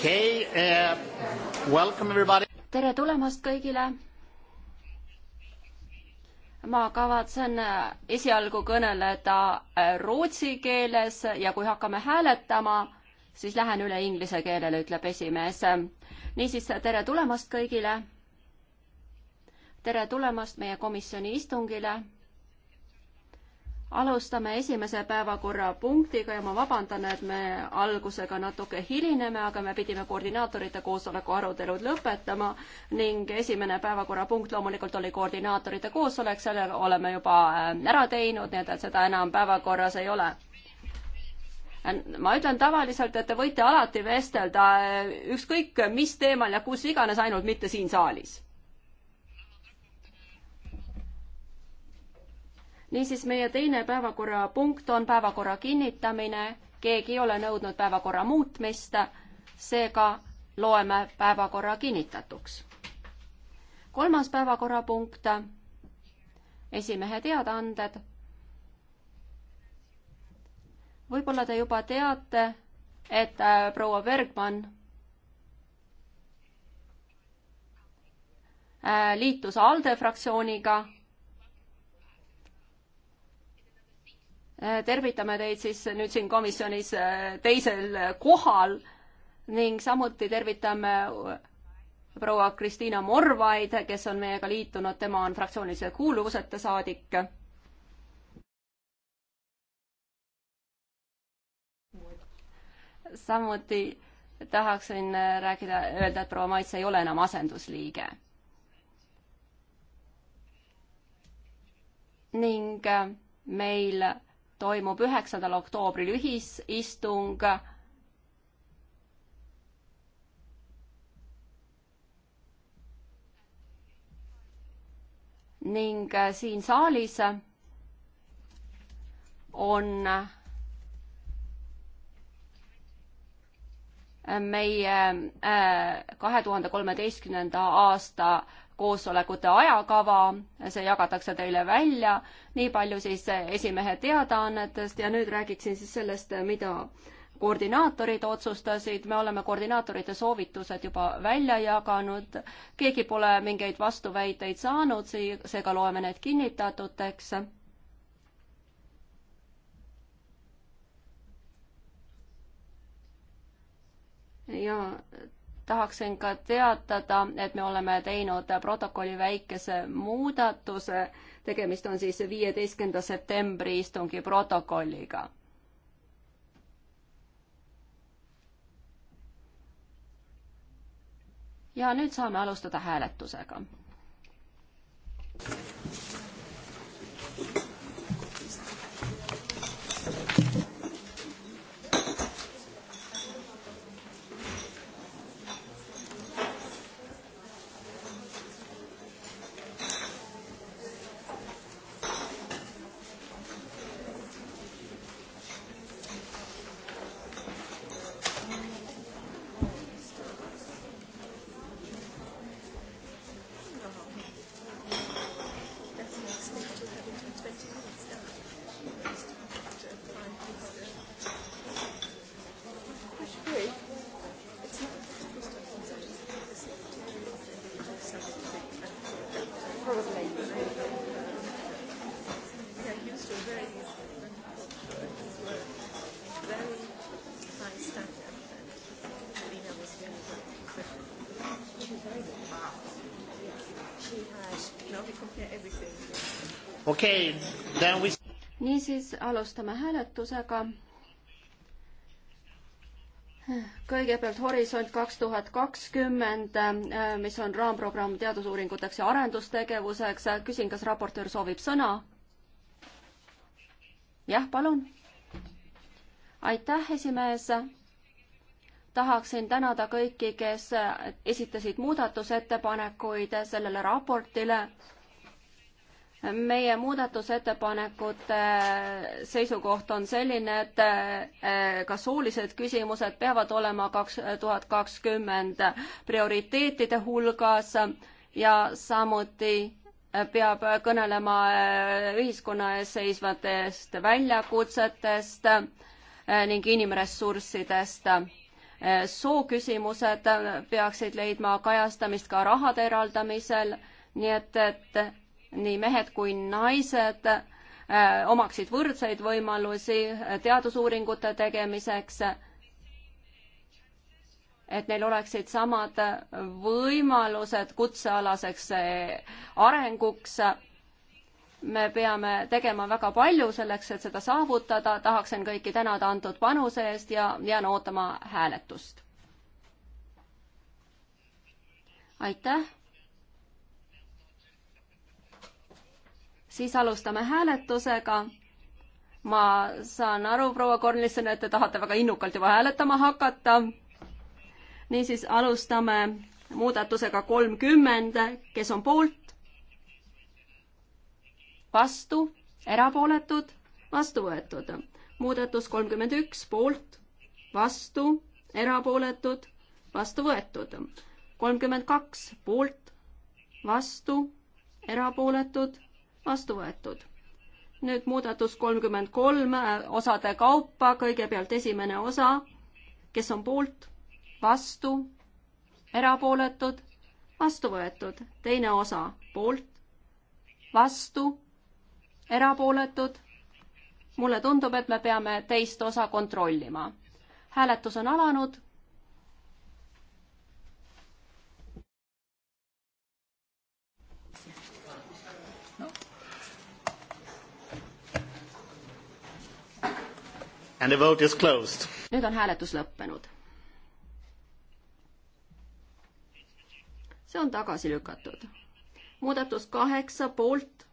okay, uh, tere tulemast kõigile. ma kavatsen uh, esialgu kõneleda uh, rootsi keeles ja kui hakkame hääletama, siis lähen üle inglise keelele, ütleb esimees. niisiis, tere tulemast kõigile. tere tulemast meie komisjoni istungile alustame esimese päevakorrapunktiga ja ma vabandan, et me algusega natuke hilineme, aga me pidime koordinaatorite koosoleku arutelud lõpetama ning esimene päevakorrapunkt loomulikult oli koordinaatorite koosolek, selle oleme juba äh, ära teinud, nii et, et seda enam päevakorras ei ole äh, ma ütlen tavaliselt, et te võite alati vestelda äh, ükskõik mis teemal ja kus iganes, ainult mitte siin saalis niisiis, meie teine päevakorrapunkt on päevakorra kinnitamine, keegi ei ole nõudnud päevakorra muutmist, seega loeme päevakorra kinnitatuks. kolmas päevakorrapunkt, esimehe teadaanded. võib-olla te juba teate, et äh, proua Bergmann äh, liitus ALDE fraktsiooniga Äh, tervitame teid siis nüüd siin komisjonis äh, teisel kohal ning samuti tervitame äh, proua Kristiina Morvaid, kes on meiega liitunud, tema on fraktsioonilise kuuluvuseta saadik. samuti tahaksin rääkida, öelda, et proua Maits ei ole enam asendusliige. ning meil toimub üheksandal oktoobril ühisistung ning äh, siin saalis on äh, meie äh, kahe tuhande kolmeteistkümnenda aasta koosolekute ajakava, see jagatakse teile välja. nii palju siis esimehe teadaannetest ja nüüd räägiksin siis sellest, mida koordinaatorid otsustasid, me oleme koordinaatorite soovitused juba välja jaganud, keegi pole mingeid vastuväiteid saanud, seega loeme need kinnitatuteks. ja tahaksin ka teatada, et me oleme teinud protokolli väikese muudatuse. tegemist on siis viieteistkümnenda septembri istungi protokolliga. ja nüüd saame alustada hääletusega. okei okay,, then we niisiis alustame hääletusega. kõigepealt Horisont kaks tuhat kakskümmend, mis on raamprogramm teadusuuringuteks ja arendustegevuseks. küsin, kas raportöör soovib sõna? jah, palun. aitäh, esimees. tahaksin tänada kõiki, kes esitasid muudatusettepanekuid sellele raportile meie muudatusettepanekute äh, seisukoht on selline, et äh, ka soolised küsimused peavad olema kaks äh, tuhat kakskümmend prioriteetide hulgas ja samuti peab kõnelema ühiskonna ees seisvatest väljakutsetest ning inimressurssidest. sooküsimused peaksid leidma kajastamist ka rahade eraldamisel nii et, et nii mehed kui naised äh, omaksid võrdseid võimalusi äh, teadusuuringute tegemiseks, et neil oleksid samad äh, võimalused kutsealaseks arenguks me peame tegema väga palju selleks, et seda saavutada, tahaksin kõiki tänada antud panuse eest ja jään ootama hääletust. aitäh. siis alustame hääletusega. ma saan aru, proua Kornlisson, et te tahate väga innukalt juba hääletama hakata. niisiis alustame muudatusega kolmkümmend, kes on poolt, vastu, erapooletud, vastu võetud. muudatus kolmkümmend üks, poolt, vastu, erapooletud, vastu võetud. kolmkümmend kaks, poolt, vastu, erapooletud vastu võetud. nüüd muudatus kolmkümmend kolm osade kaupa, kõigepealt esimene osa, kes on poolt, vastu, erapooletud, vastu võetud, teine osa poolt, vastu, erapooletud. mulle tundub, et me peame teist osa kontrollima. hääletus on alanud And the vote is closed. nüüd on hääletus lõppenud. see on tagasi lükatud. muudatus kaheksa poolt,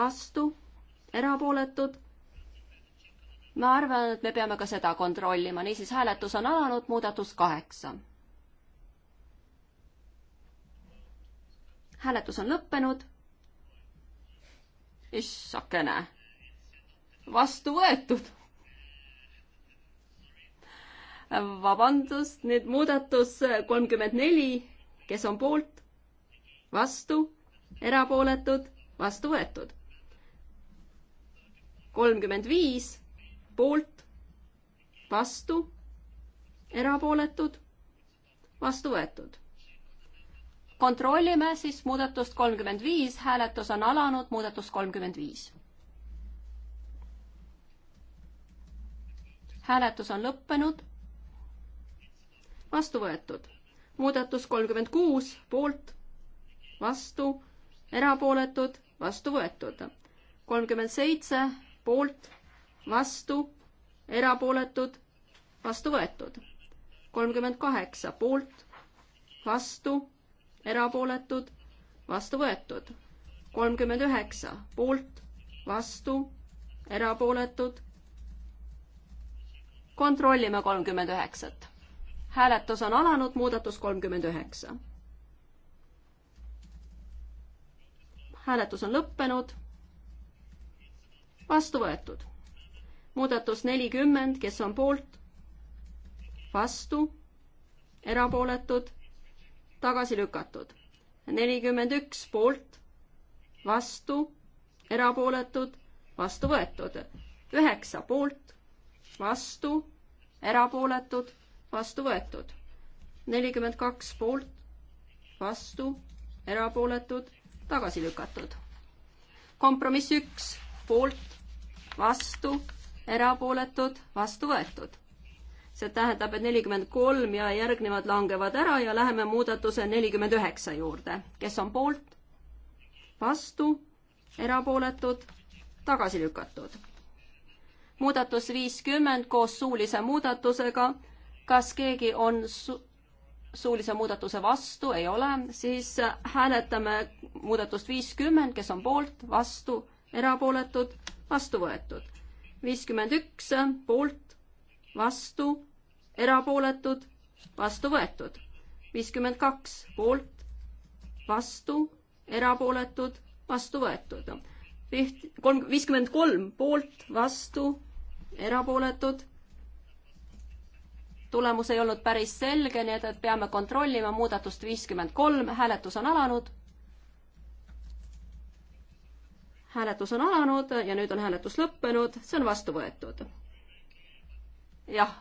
vastu, erapooletud. ma arvan, et me peame ka seda kontrollima, niisiis hääletus on alanud, muudatus kaheksa. hääletus on lõppenud. issakene, vastu võetud vabandust, nüüd muudatus kolmkümmend neli, kes on poolt, vastu, erapooletud, vastu võetud. kolmkümmend viis, poolt, vastu, erapooletud, vastu võetud. kontrollime siis muudatust kolmkümmend viis, hääletus on alanud, muudatus kolmkümmend viis. hääletus on lõppenud vastu võetud. muudatus kolmkümmend kuus poolt, vastu, erapooletud, vastu võetud. kolmkümmend seitse poolt, vastu, erapooletud, vastu võetud. kolmkümmend kaheksa poolt, vastu, erapooletud, vastu võetud. kolmkümmend üheksa poolt, vastu, erapooletud. kontrollime kolmkümmend üheksat hääletus on alanud, muudatus kolmkümmend üheksa. hääletus on lõppenud. vastu võetud. muudatus nelikümmend, kes on poolt? vastu, erapooletud, tagasi lükatud. nelikümmend üks poolt, vastu, erapooletud, vastu võetud. üheksa poolt, vastu, erapooletud vastu võetud. nelikümmend kaks poolt, vastu, erapooletud, tagasi lükatud. kompromiss üks, poolt, vastu, erapooletud, vastu võetud. see tähendab, et nelikümmend kolm ja järgnevad langevad ära ja läheme muudatuse nelikümmend üheksa juurde. kes on poolt, vastu, erapooletud, tagasi lükatud. muudatus viiskümmend koos suulise muudatusega kas keegi on su suulise muudatuse vastu, ei ole, siis hääletame muudatust viiskümmend, kes on poolt, vastu, erapooletud, vastu võetud. viiskümmend üks poolt, vastu, erapooletud, vastu võetud. viiskümmend kaks poolt, vastu, erapooletud, vastu võetud. kolm, viiskümmend kolm poolt, vastu, erapooletud tulemus ei olnud päris selge, nii et, et peame kontrollima muudatust viiskümmend kolm, hääletus on alanud. hääletus on alanud ja nüüd on hääletus lõppenud, see on vastu võetud. jah.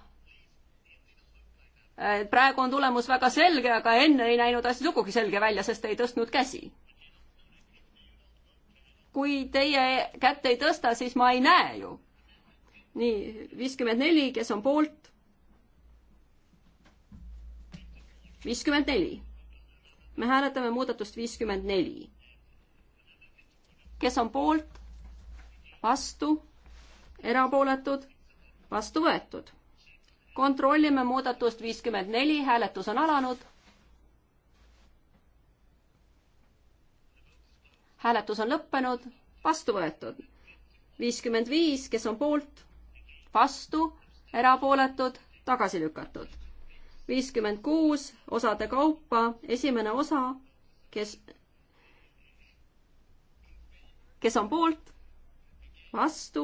Äh, praegu on tulemus väga selge, aga enne ei näinud asi sugugi selge välja, sest ei tõstnud käsi. kui teie kätt ei tõsta, siis ma ei näe ju. nii, viiskümmend neli, kes on poolt? viiskümmend neli. me hääletame muudatust viiskümmend neli. kes on poolt, vastu, erapooletud, vastu võetud. kontrollime muudatust viiskümmend neli, hääletus on alanud. hääletus on lõppenud, vastu võetud. viiskümmend viis, kes on poolt, vastu, erapooletud, tagasi lükatud viiskümmend kuus osade kaupa, esimene osa, kes, kes on poolt, vastu,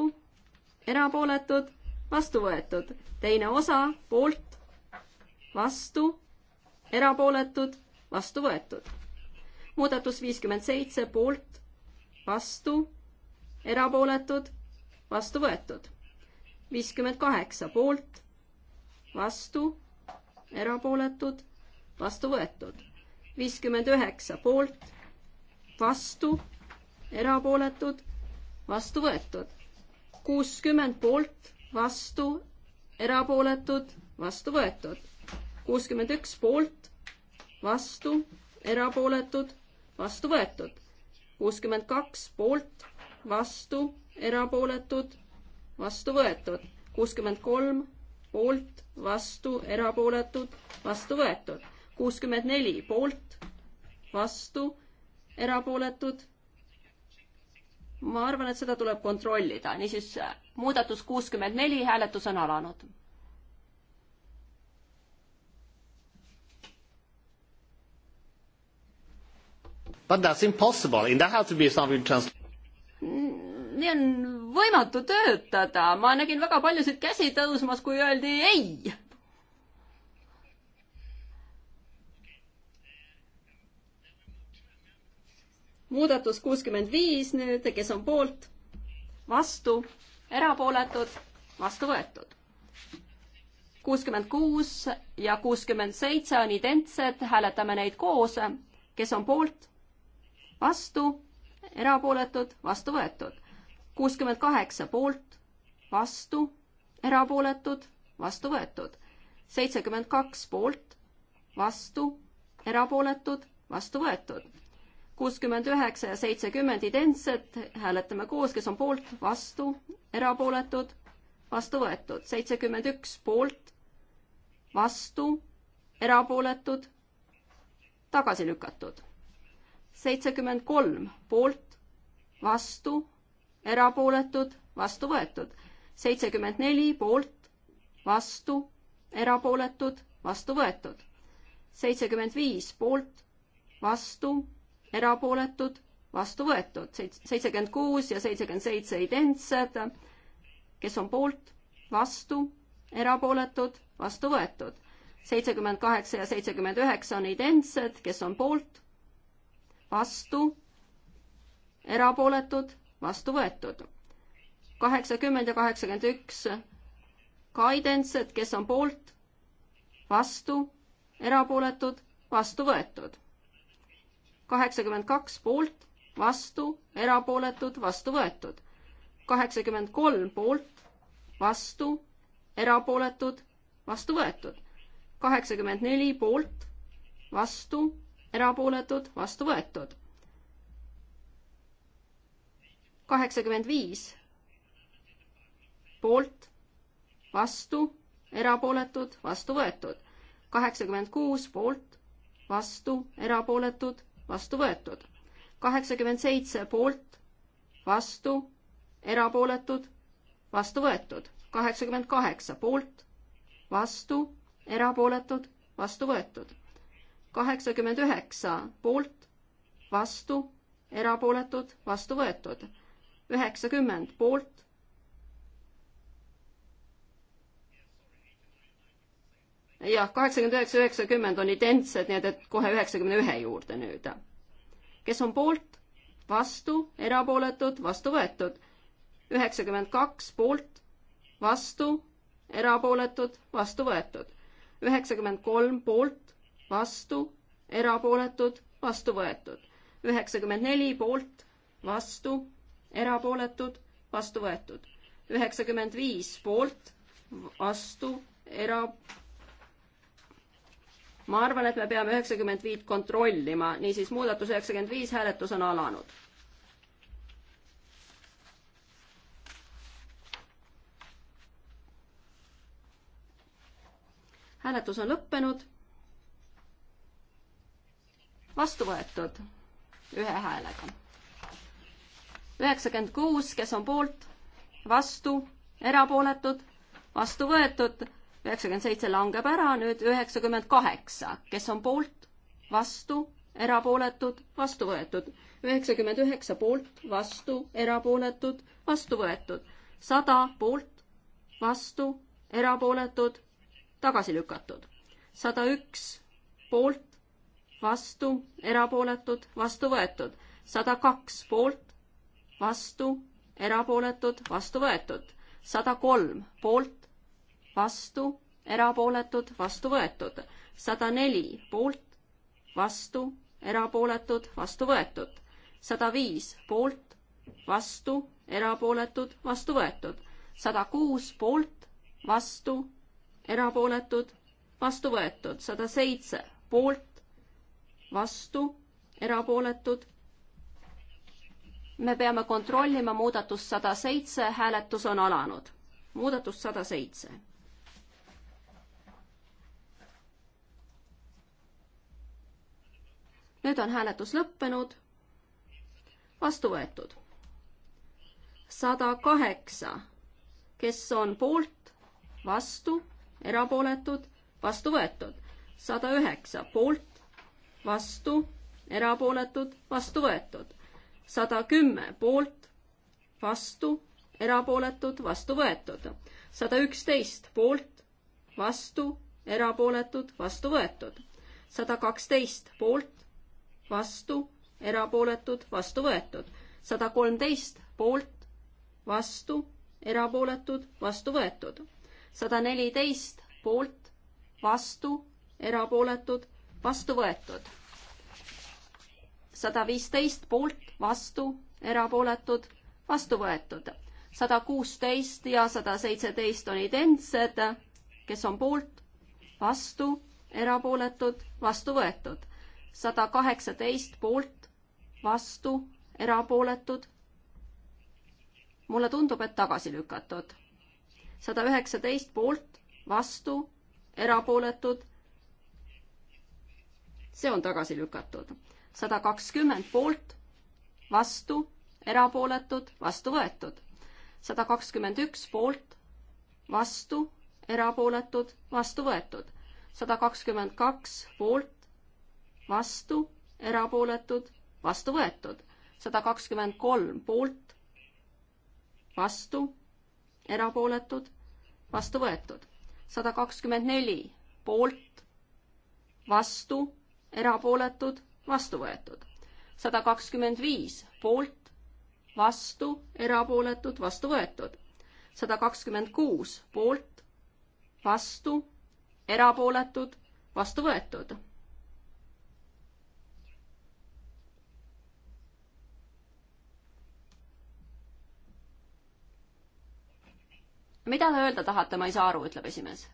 erapooletud, vastu võetud. teine osa, poolt, vastu, erapooletud, vastu võetud. muudatus viiskümmend seitse, poolt, vastu, erapooletud, vastu võetud. viiskümmend kaheksa, poolt, vastu erapooletud, vastu võetud. viiskümmend üheksa poolt, vastu, erapooletud, vastu võetud. kuuskümmend poolt, vastu, erapooletud, vastu võetud. kuuskümmend üks poolt, vastu, erapooletud, vastu võetud. kuuskümmend kaks poolt, vastu, erapooletud, vastu võetud. kuuskümmend kolm poolt, vastu, erapooletud, vastu võetud. kuuskümmend neli poolt, vastu, erapooletud. ma arvan, et seda tuleb kontrollida, niisiis muudatus kuuskümmend neli, hääletus on alanud. But that's impossible. In that has to be something translated nii on võimatu töötada, ma nägin väga paljusid käsi tõusmas, kui öeldi ei. muudatus kuuskümmend viis nüüd, kes on poolt, vastu, erapooletud, vastu võetud. kuuskümmend kuus ja kuuskümmend seitse on identsed, hääletame neid koos, kes on poolt, vastu erapooletud, vastu võetud kuuskümmend kaheksa poolt, vastu, erapooletud, vastu võetud. seitsekümmend kaks poolt, vastu, erapooletud, vastu võetud. kuuskümmend üheksa ja seitsekümmend identsed, hääletame koos, kes on poolt, vastu, erapooletud, vastu võetud. seitsekümmend üks poolt, vastu, erapooletud, tagasi lükatud. seitsekümmend kolm poolt, vastu erapooletud, vastu võetud. seitsekümmend neli poolt, vastu, erapooletud, vastu võetud. seitsekümmend viis poolt, vastu, erapooletud, vastu võetud. seitsekümmend kuus ja seitsekümmend seitse identsed, kes on poolt, vastu, erapooletud, vastu võetud. seitsekümmend kaheksa ja seitsekümmend üheksa on identsed, kes on poolt, vastu, erapooletud vastu võetud. kaheksakümmend ja kaheksakümmend üks kaidentsed, kes on poolt, vastu, erapooletud, vastu võetud. kaheksakümmend kaks poolt, vastu, erapooletud, vastu võetud. kaheksakümmend kolm poolt, vastu, erapooletud, vastu võetud. kaheksakümmend neli poolt, vastu, erapooletud, vastu võetud kaheksakümmend viis poolt, vastu, erapooletud, vastu võetud. kaheksakümmend kuus poolt, vastu, erapooletud, vastu võetud. kaheksakümmend seitse poolt, vastu, erapooletud, vastu võetud. kaheksakümmend kaheksa poolt, vastu, erapooletud, vastu võetud. kaheksakümmend üheksa poolt, vastu, erapooletud, vastu võetud üheksakümmend poolt. jah, kaheksakümmend üheksa, üheksakümmend on identsed, nii et, et kohe üheksakümne ühe juurde nüüd. kes on poolt, vastu, erapooletud, vastu võetud. üheksakümmend kaks poolt, vastu, erapooletud, vastu võetud. üheksakümmend kolm poolt, vastu, erapooletud, vastu võetud. üheksakümmend neli poolt, vastu, erapooletud, vastu võetud. üheksakümmend viis poolt, vastu, era-. ma arvan, et me peame üheksakümmend viit kontrollima, niisiis muudatus üheksakümmend viis, hääletus on alanud. hääletus on lõppenud. vastu võetud ühe häälega üheksakümmend kuus, kes on poolt, vastu, erapooletud, vastu võetud, üheksakümmend seitse langeb ära, nüüd üheksakümmend kaheksa, kes on poolt, vastu, erapooletud, vastu võetud, üheksakümmend üheksa poolt, vastu, erapooletud, vastu võetud, sada poolt, vastu, erapooletud, tagasi lükatud, sada üks poolt, vastu, erapooletud, vastu võetud, sada kaks poolt, vastu, erapooletud, vastu võetud. sada kolm poolt, vastu, erapooletud, vastu võetud. sada neli poolt, vastu, erapooletud, vastu võetud. sada viis poolt, vastu, erapooletud, vastu võetud. sada kuus poolt, vastu, erapooletud, vastu võetud. sada seitse poolt, vastu, erapooletud, me peame kontrollima muudatust sada seitse, hääletus on alanud. muudatus sada seitse. nüüd on hääletus lõppenud, vastu võetud. sada kaheksa, kes on poolt, vastu, erapooletud, vastu võetud. sada üheksa, poolt, vastu, erapooletud, vastu võetud sada kümme poolt, vastu, erapooletud, vastu võetud. sada üksteist poolt, vastu, erapooletud, vastu võetud. sada kaksteist poolt, vastu, erapooletud, vastu võetud. sada kolmteist poolt, vastu, erapooletud, vastu võetud. sada neliteist poolt, vastu, erapooletud, vastu võetud sada viisteist poolt, vastu, erapooletud, vastu võetud. sada kuusteist ja sada seitseteist on identsed, kes on poolt, vastu, erapooletud, vastu võetud. sada kaheksateist poolt, vastu, erapooletud. mulle tundub, et tagasi lükatud. sada üheksateist poolt, vastu, erapooletud. see on tagasi lükatud sada kakskümmend poolt, vastu, erapooletud, vastu võetud. sada kakskümmend üks poolt, vastu, erapooletud, vastu võetud. sada kakskümmend kaks poolt, vastu, erapooletud, vastu võetud. sada kakskümmend kolm poolt, vastu, erapooletud, vastu võetud. sada kakskümmend neli poolt, vastu, erapooletud, vastu võetud. sada kakskümmend viis poolt, vastu, erapooletud, vastu võetud. sada kakskümmend kuus poolt, vastu, erapooletud, vastu võetud. mida te öelda tahate, ma ei saa aru, ütleb esimees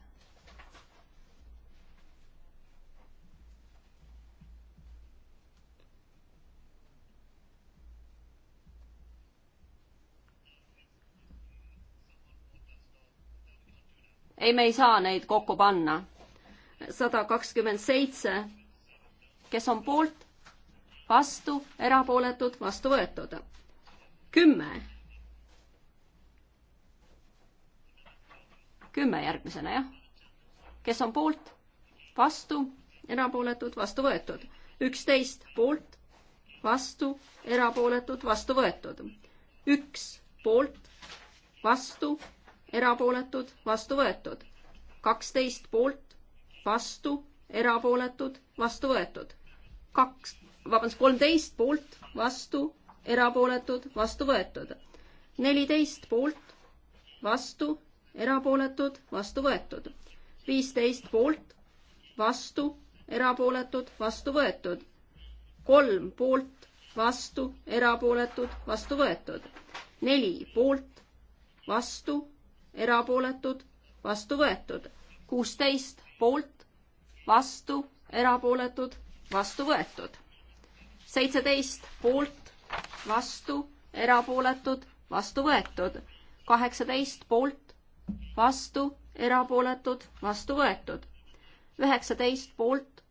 ei, me ei saa neid kokku panna. sada kakskümmend seitse, kes on poolt, vastu, erapooletud, vastu võetud. kümme. kümme järgmisena, jah. kes on poolt, vastu, erapooletud, vastu võetud. üksteist poolt, vastu, erapooletud, vastu võetud. üks poolt, vastu, erapooletud, vastu võetud. kaksteist poolt, vastu, erapooletud, vastu võetud. kaks, vabandust, kolmteist poolt, vastu, erapooletud, vastu võetud. neliteist poolt, vastu, erapooletud, vastu võetud. viisteist poolt, vastu, erapooletud, vastu võetud. kolm poolt, vastu, erapooletud, vastu võetud. neli poolt, vastu, erapooletud, vastu võetud. kuusteist poolt, vastu, erapooletud, vastu võetud. seitseteist poolt, vastu, erapooletud, vastu võetud. kaheksateist poolt, vastu, erapooletud, vastu võetud. üheksateist poolt,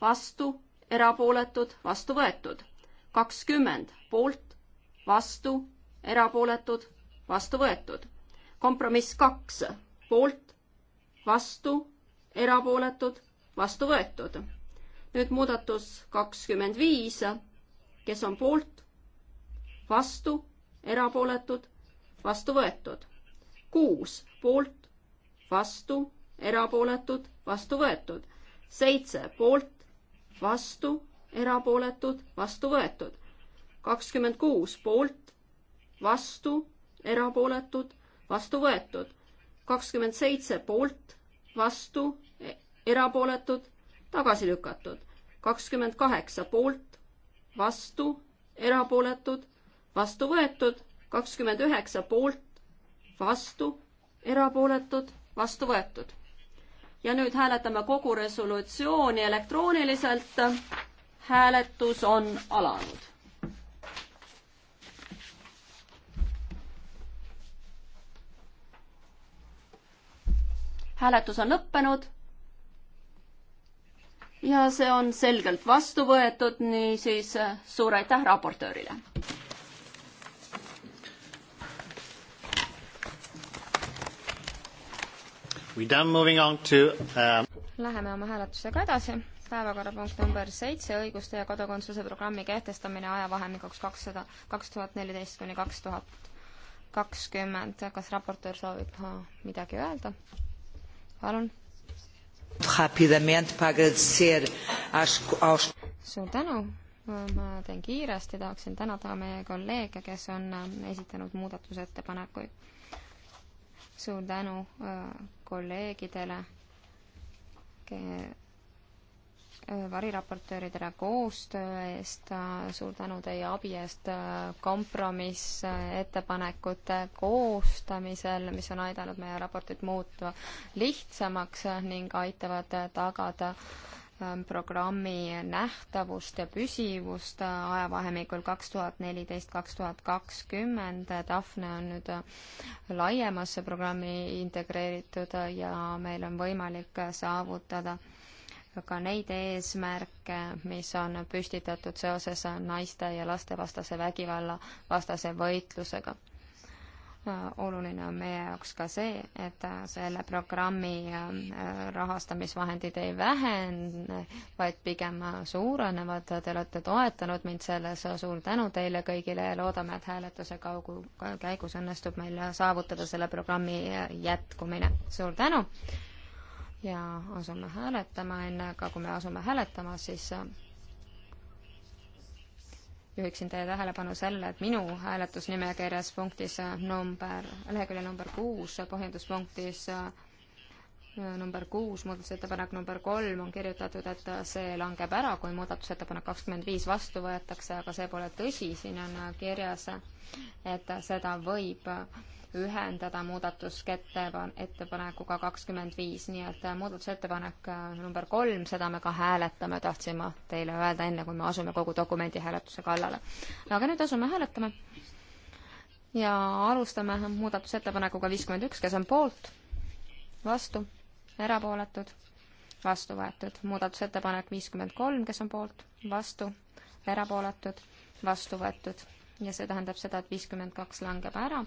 vastu, erapooletud, vastu võetud. kakskümmend poolt, vastu, erapooletud, vastu võetud kompromiss kaks, poolt, vastu, erapooletud, vastu võetud. nüüd muudatus kakskümmend viis, kes on poolt, vastu, erapooletud, vastu võetud. kuus, poolt, vastu, erapooletud, vastu võetud. seitse, poolt, vastu, erapooletud, vastu võetud. kakskümmend kuus, poolt, vastu, erapooletud vastu võetud. kakskümmend seitse poolt, vastu, erapooletud, tagasi lükatud. kakskümmend kaheksa poolt, vastu, erapooletud, vastu võetud. kakskümmend üheksa poolt, vastu, erapooletud, vastu võetud. ja nüüd hääletame kogu resolutsiooni elektrooniliselt. hääletus on alanud. hääletus on lõppenud. ja see on selgelt vastu võetud, niisiis äh, suur aitäh raportöörile. Um, Läheme oma hääletusega edasi. päevakorrapunkt number seitse, õiguste ja kodakondsuse programmi kehtestamine ajavahemikuks kakssada, kaks tuhat neliteist kuni kaks tuhat kakskümmend. kas raportöör soovib äh, midagi öelda? palun. suur tänu, ma teen kiiresti, tahaksin tänada meie kolleege, kes on äh, esitanud muudatusettepanekuid. suur tänu äh, kolleegidele variraportööridele koostöö eest, suur tänu teie abi eest kompromissettepanekute koostamisel, mis on aidanud meie raportit muuta lihtsamaks ning aitavad tagada ähm, programmi nähtavust ja püsivust ajavahemikul kaks tuhat neliteist, kaks tuhat kakskümmend. Daphne on nüüd äh, laiemasse programmi integreeritud ja meil on võimalik saavutada ka neid eesmärke, mis on püstitatud seoses naiste ja lastevastase vägivalla vastase võitlusega. oluline on meie jaoks ka see, et selle programmi äh, rahastamisvahendid ei vähene, vaid pigem suurenevad. Te olete toetanud mind selles, suur tänu teile kõigile ja loodame, et hääletuse kaugu, käigus õnnestub meil saavutada selle programmi jätkumine. suur tänu! ja asume hääletama, enne aga kui me asume hääletama, siis äh, juhiksin teie tähelepanu sellele, et minu hääletusnimekirjas punktis äh, number, lehekülje number kuus, põhjenduspunktis äh, number kuus, muudatusettepanek number kolm on kirjutatud, et see langeb ära, kui muudatusettepanek kakskümmend viis vastu võetakse, aga see pole tõsi, siin on kirjas, et seda võib ühendada muudatusettepanekuga kakskümmend viis, nii et äh, muudatusettepanek äh, number kolm, seda me ka hääletame, tahtsin ma teile öelda, enne kui me asume kogu dokumendi hääletuse kallale. aga nüüd asume hääletama ja alustame muudatusettepanekuga viiskümmend üks, kes on poolt, vastu, erapooletud, vastu võetud. muudatusettepanek viiskümmend kolm, kes on poolt, vastu, erapooletud, vastu võetud ja see tähendab seda, et viiskümmend kaks langeb ära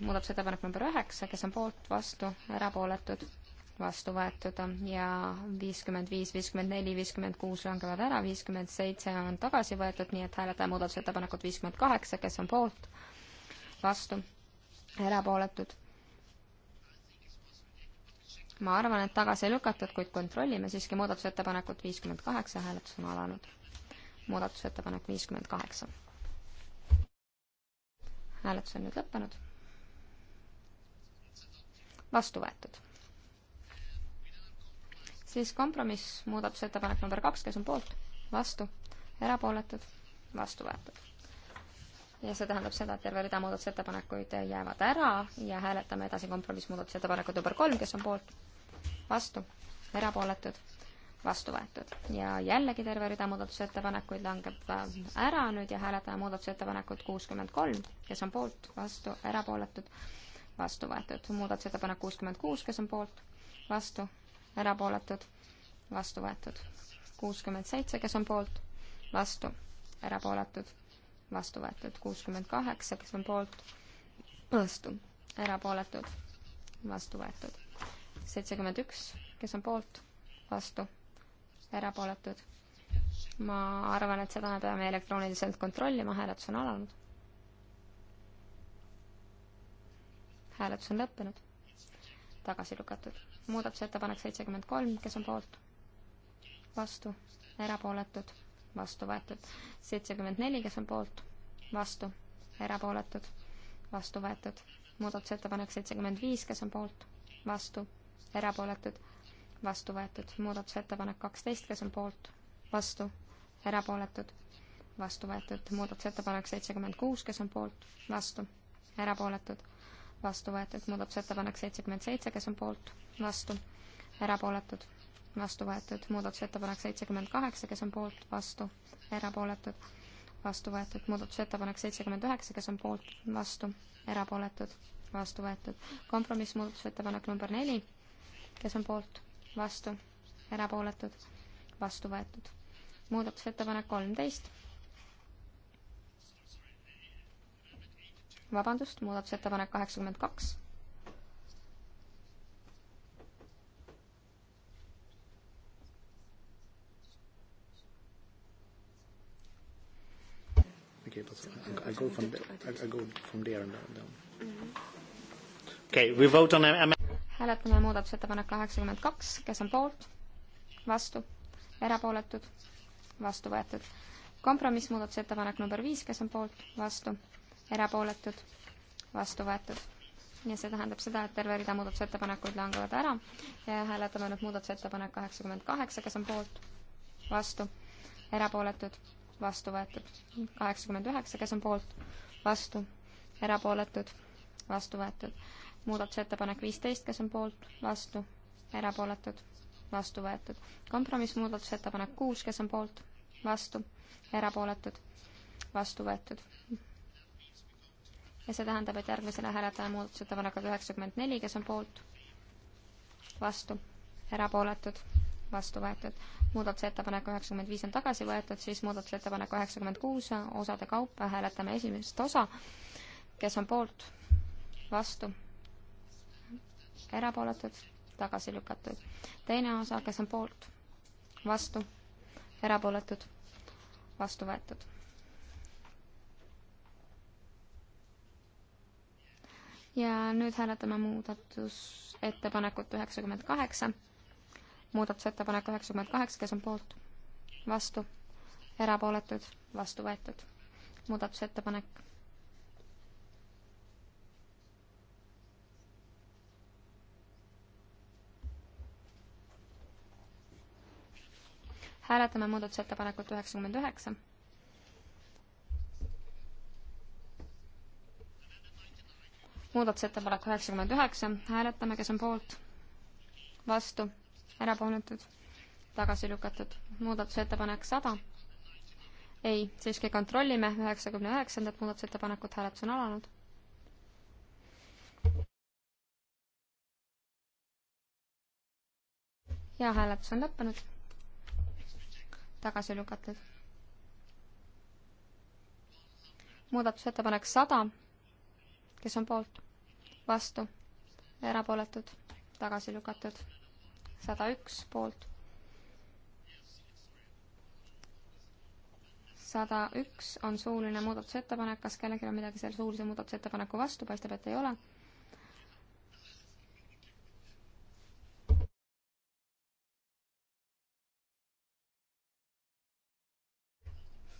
muudatusettepanek number üheksa, kes on poolt, vastu, erapooletud, vastu võetud ja viiskümmend viis, viiskümmend neli, viiskümmend kuus langevad ära, viiskümmend seitse on tagasi võetud, nii et hääletame muudatusettepanekut viiskümmend kaheksa, kes on poolt, vastu, erapooletud. ma arvan, et tagasi lükatud, kuid kontrollime siiski muudatusettepanekut viiskümmend kaheksa, hääletus on alanud. muudatusettepanek viiskümmend kaheksa hääletus on nüüd lõppenud. vastu võetud. siis kompromiss, muudatusettepanek number kaks, kes on poolt, vastu, erapooletud, vastu võetud. ja see tähendab seda, et terve rida muudatusettepanekuid jäävad ära ja hääletame edasi kompromissmuudatusettepanekut number kolm, kes on poolt, vastu, erapooletud vastu võetud. ja jällegi terve rida muudatusettepanekuid langeb äh, ära nüüd ja hääletame muudatusettepanekut kuuskümmend kolm, kes on poolt, vastu, erapooletud, vastu võetud. muudatusettepanek kuuskümmend kuus, kes on poolt, vastu, erapooletud, vastu võetud. kuuskümmend seitse, kes on poolt, vastu, erapooletud, vastu võetud. kuuskümmend kaheksa, kes on poolt, vastu, erapooletud, vastu võetud. seitsekümmend üks, kes on poolt, vastu erapooletud. ma arvan, et seda me peame elektrooniliselt kontrollima, hääletus on alanud. hääletus on lõppenud. tagasi lükatud. muudatusettepanek seitsekümmend kolm, kes on poolt? vastu, erapooletud, vastu võetud. seitsekümmend neli, kes on poolt? vastu, erapooletud, vastu võetud. muudatusettepanek seitsekümmend viis, kes on poolt? vastu, erapooletud vastu võetud. muudatusettepanek kaksteist, kes on poolt, vastu, erapooletud, vastu võetud. muudatusettepanek seitsekümmend kuus, kes on poolt, vastu, erapooletud, vastu võetud. muudatusettepanek seitsekümmend seitse, kes on poolt, vastu, erapooletud, vastu võetud. muudatusettepanek seitsekümmend kaheksa, kes on poolt, vastu, erapooletud vastu võetud. muudatusettepanek seitsekümmend üheksa, kes on poolt, vastu, erapooletud, vastu võetud. kompromissmuudatusettepanek number neli, kes on poolt, vastu, erapooletud, vastu võetud. muudatusettepanek kolmteist. vabandust, muudatusettepanek kaheksakümmend kaks. Okay, but I, I go from there. I, I go from there and down. Mm -hmm. Okay, we vote on hääletame muudatusettepanek kaheksakümmend kaks, kes on poolt, vastu, erapooletud, vastu võetud. kompromiss muudatusettepanek number viis, kes on poolt, vastu, erapooletud, vastu võetud. ja see tähendab seda, et terve rida muudatusettepanekuid langevad ära ja hääletame nüüd muudatusettepanek kaheksakümmend kaheksa, kes on poolt, vastu, erapooletud, vastu võetud. kaheksakümmend üheksa, kes on poolt, vastu, erapooletud, vastu võetud muudatusettepanek viisteist, kes on poolt, vastu, erapooletud, vastu võetud. kompromissmuudatusettepanek kuus, kes on poolt, vastu, erapooletud, vastu võetud. ja see tähendab, et järgmisena hääletame muudatusettepanekut üheksakümmend neli, kes on poolt, vastu, erapooletud, vastu võetud. muudatusettepanek üheksakümmend viis on tagasi võetud, siis muudatusettepanek üheksakümmend kuus, osade kaupa hääletame esimest osa, kes on poolt, vastu erapooletud, tagasi lükatud. teine osa, kes on poolt, vastu, erapooletud, vastu võetud. ja nüüd hääletame muudatusettepanekut üheksakümmend kaheksa. muudatusettepanek üheksakümmend kaheksa, kes on poolt, vastu, erapooletud, vastu võetud. muudatusettepanek hääletame muudatusettepanekut üheksakümmend üheksa. muudatusettepanek üheksakümmend üheksa, hääletame, kes on poolt, vastu, erapooletud, tagasi lükatud. muudatusettepanek sada. ei, siiski kontrollime üheksakümne üheksandat muudatusettepanekut, hääletus on alanud. ja hääletus on lõppenud tagasi lükatud. muudatusettepanek sada, kes on poolt, vastu, erapooletud, tagasi lükatud. sada üks poolt. sada üks on suuline muudatusettepanek, kas kellelgi on midagi selle suulise muudatusettepaneku vastu, paistab, et ei ole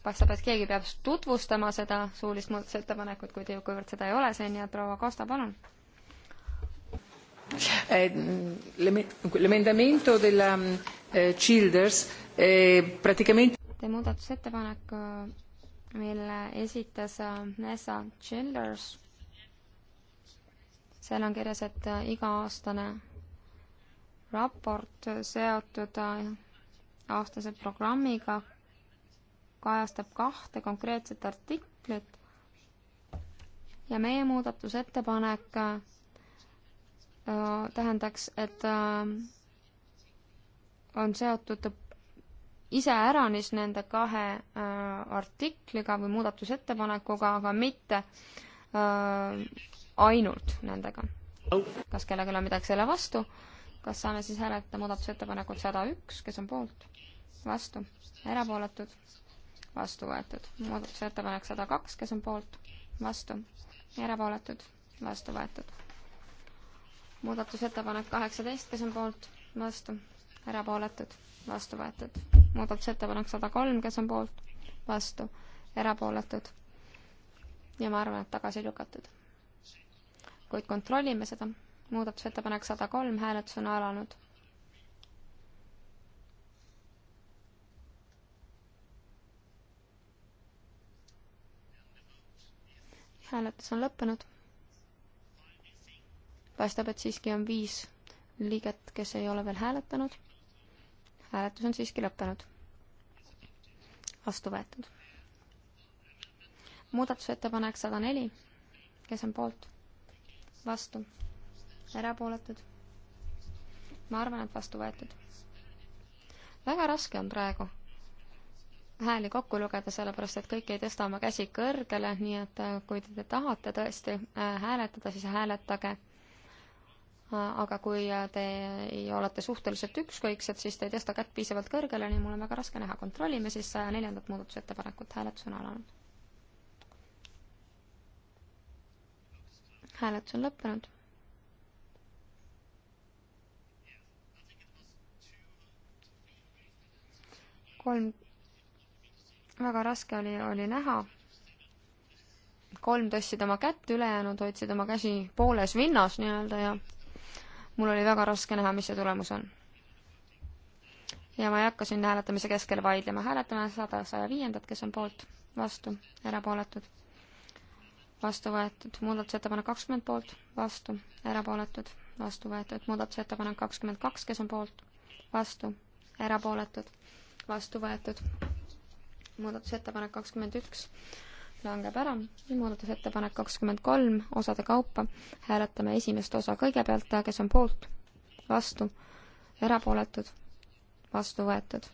paistab, et keegi peab tutvustama seda suulist muudatusettepanekut, kuid kuivõrd seda ei ole, seni jääb proua Kosta, palun. Eh, l'emendamento della eh, Childers eh, praticamente Te muudatusettepanek, mille esitas Nessa Childers, seal on kirjas, et iga-aastane raport seotud aastase programmiga kajastab kahte konkreetset artiklit ja meie muudatusettepanek äh, tähendaks, et äh, on seotud iseäranis nende kahe äh, artikliga või muudatusettepanekuga, aga mitte äh, ainult nendega. kas kellelgi on midagi selle vastu? kas saame siis hääletada muudatusettepanekut sada üks, kes on poolt? vastu? erapooletud? vastu võetud. muudatusettepanek sada kaks, kes on poolt, vastu, erapooletud, vastu võetud. muudatusettepanek kaheksateist, kes on poolt, vastu, erapooletud, vastu võetud. muudatusettepanek sada kolm, kes on poolt, vastu, erapooletud ja ma arvan, et tagasi lükatud. kuid kontrollime seda. muudatusettepanek sada kolm, hääletus on alanud hääletus on lõppenud. paistab, et siiski on viis liiget, kes ei ole veel hääletanud. hääletus on siiski lõppenud. vastu võetud. muudatusettepanek sada neli, kes on poolt? vastu. erapooletud? ma arvan, et vastu võetud. väga raske on praegu hääli kokku lugeda, sellepärast et kõik ei tõsta oma käsi kõrgele, nii et äh, kui te tahate tõesti äh, hääletada, siis hääletage. Äh, aga kui te olete suhteliselt ükskõiksed, siis te ei tõsta kätt piisavalt kõrgele, nii mul on väga raske näha. kontrollime siis saja neljandat muudatusettepanekut, hääletus on alanud. hääletus on lõppenud. kolm väga raske oli, oli näha. kolm tõstsid oma kätt, ülejäänud hoidsid oma käsi pooles vinnas nii-öelda ja mul oli väga raske näha, mis see tulemus on. ja ma ei hakka siin hääletamise keskel vaidlema, hääletame sada, saja viiendat, kes on poolt, vastu, erapooletud, vastu võetud, muudatusettepanek kakskümmend poolt, vastu, erapooletud, vastu võetud, muudatusettepanek kakskümmend kaks, kes on poolt, vastu, erapooletud, vastu võetud muudatusettepanek kakskümmend üks langeb ära, muudatusettepanek kakskümmend kolm osade kaupa, hääletame esimest osa kõigepealt, kes on poolt, vastu, erapooletud, vastu võetud.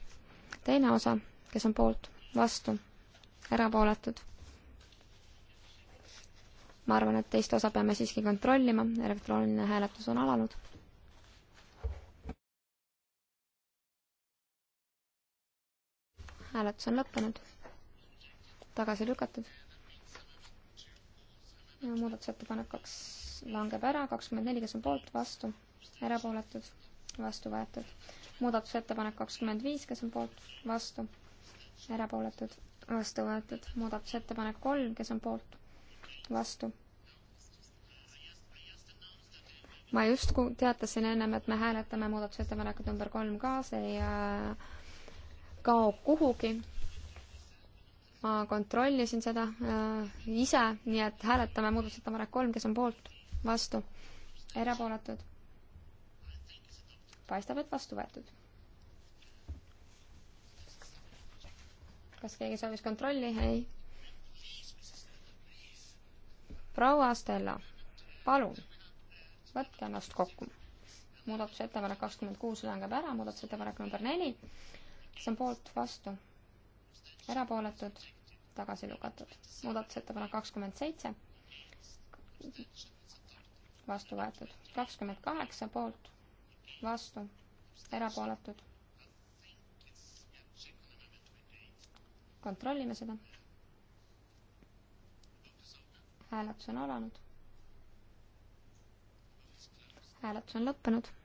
teine osa, kes on poolt, vastu, erapooletud. ma arvan, et teist osa peame siiski kontrollima, elektrooniline hääletus on alanud hääletus on lõppenud. tagasi lükatud. muudatusettepanek kaks langeb ära, kakskümmend neli, kes on poolt, vastu, erapooletud, vastu võetud. muudatusettepanek kakskümmend viis, kes on poolt, vastu, erapooletud, vastu võetud. muudatusettepanek kolm, kes on poolt, vastu ma just teatasin ennem, et me hääletame muudatusettepanekut number kolm ka, see äh, kao kuhugi. ma kontrollisin seda äh, ise, nii et hääletame muudatusettepanek kolm, kes on poolt, vastu, erapooletud. paistab, et vastu võetud. kas keegi soovis kontrolli? ei. proua Stella, palun, võtke ennast kokku muudatusettepanek kakskümmend kuus langeb ära, muudatusettepanek number neli, see on poolt, vastu, erapooletud, tagasi lükatud. muudatusettepanek kakskümmend seitse, vastu võetud. kakskümmend kaheksa poolt, vastu, erapooletud. kontrollime seda. hääletus on alanud. hääletus on lõppenud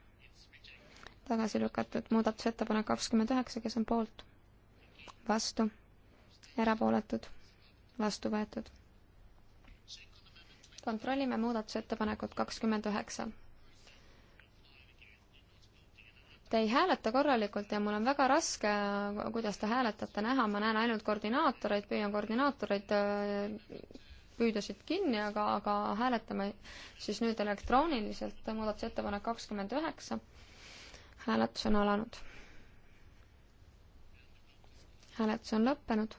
tagasi lükatud muudatusettepanek kakskümmend üheksa, kes on poolt, vastu, erapooletud, vastu võetud. kontrollime muudatusettepanekut kakskümmend üheksa. Te ei hääleta korralikult ja mul on väga raske, kuidas te hääletate, näha, ma näen ainult koordinaatoreid, püüan koordinaatoreid äh, püüda siit kinni, aga, aga hääletame siis nüüd elektrooniliselt muudatusettepanek kakskümmend üheksa hääletus on alanud. hääletus on lõppenud.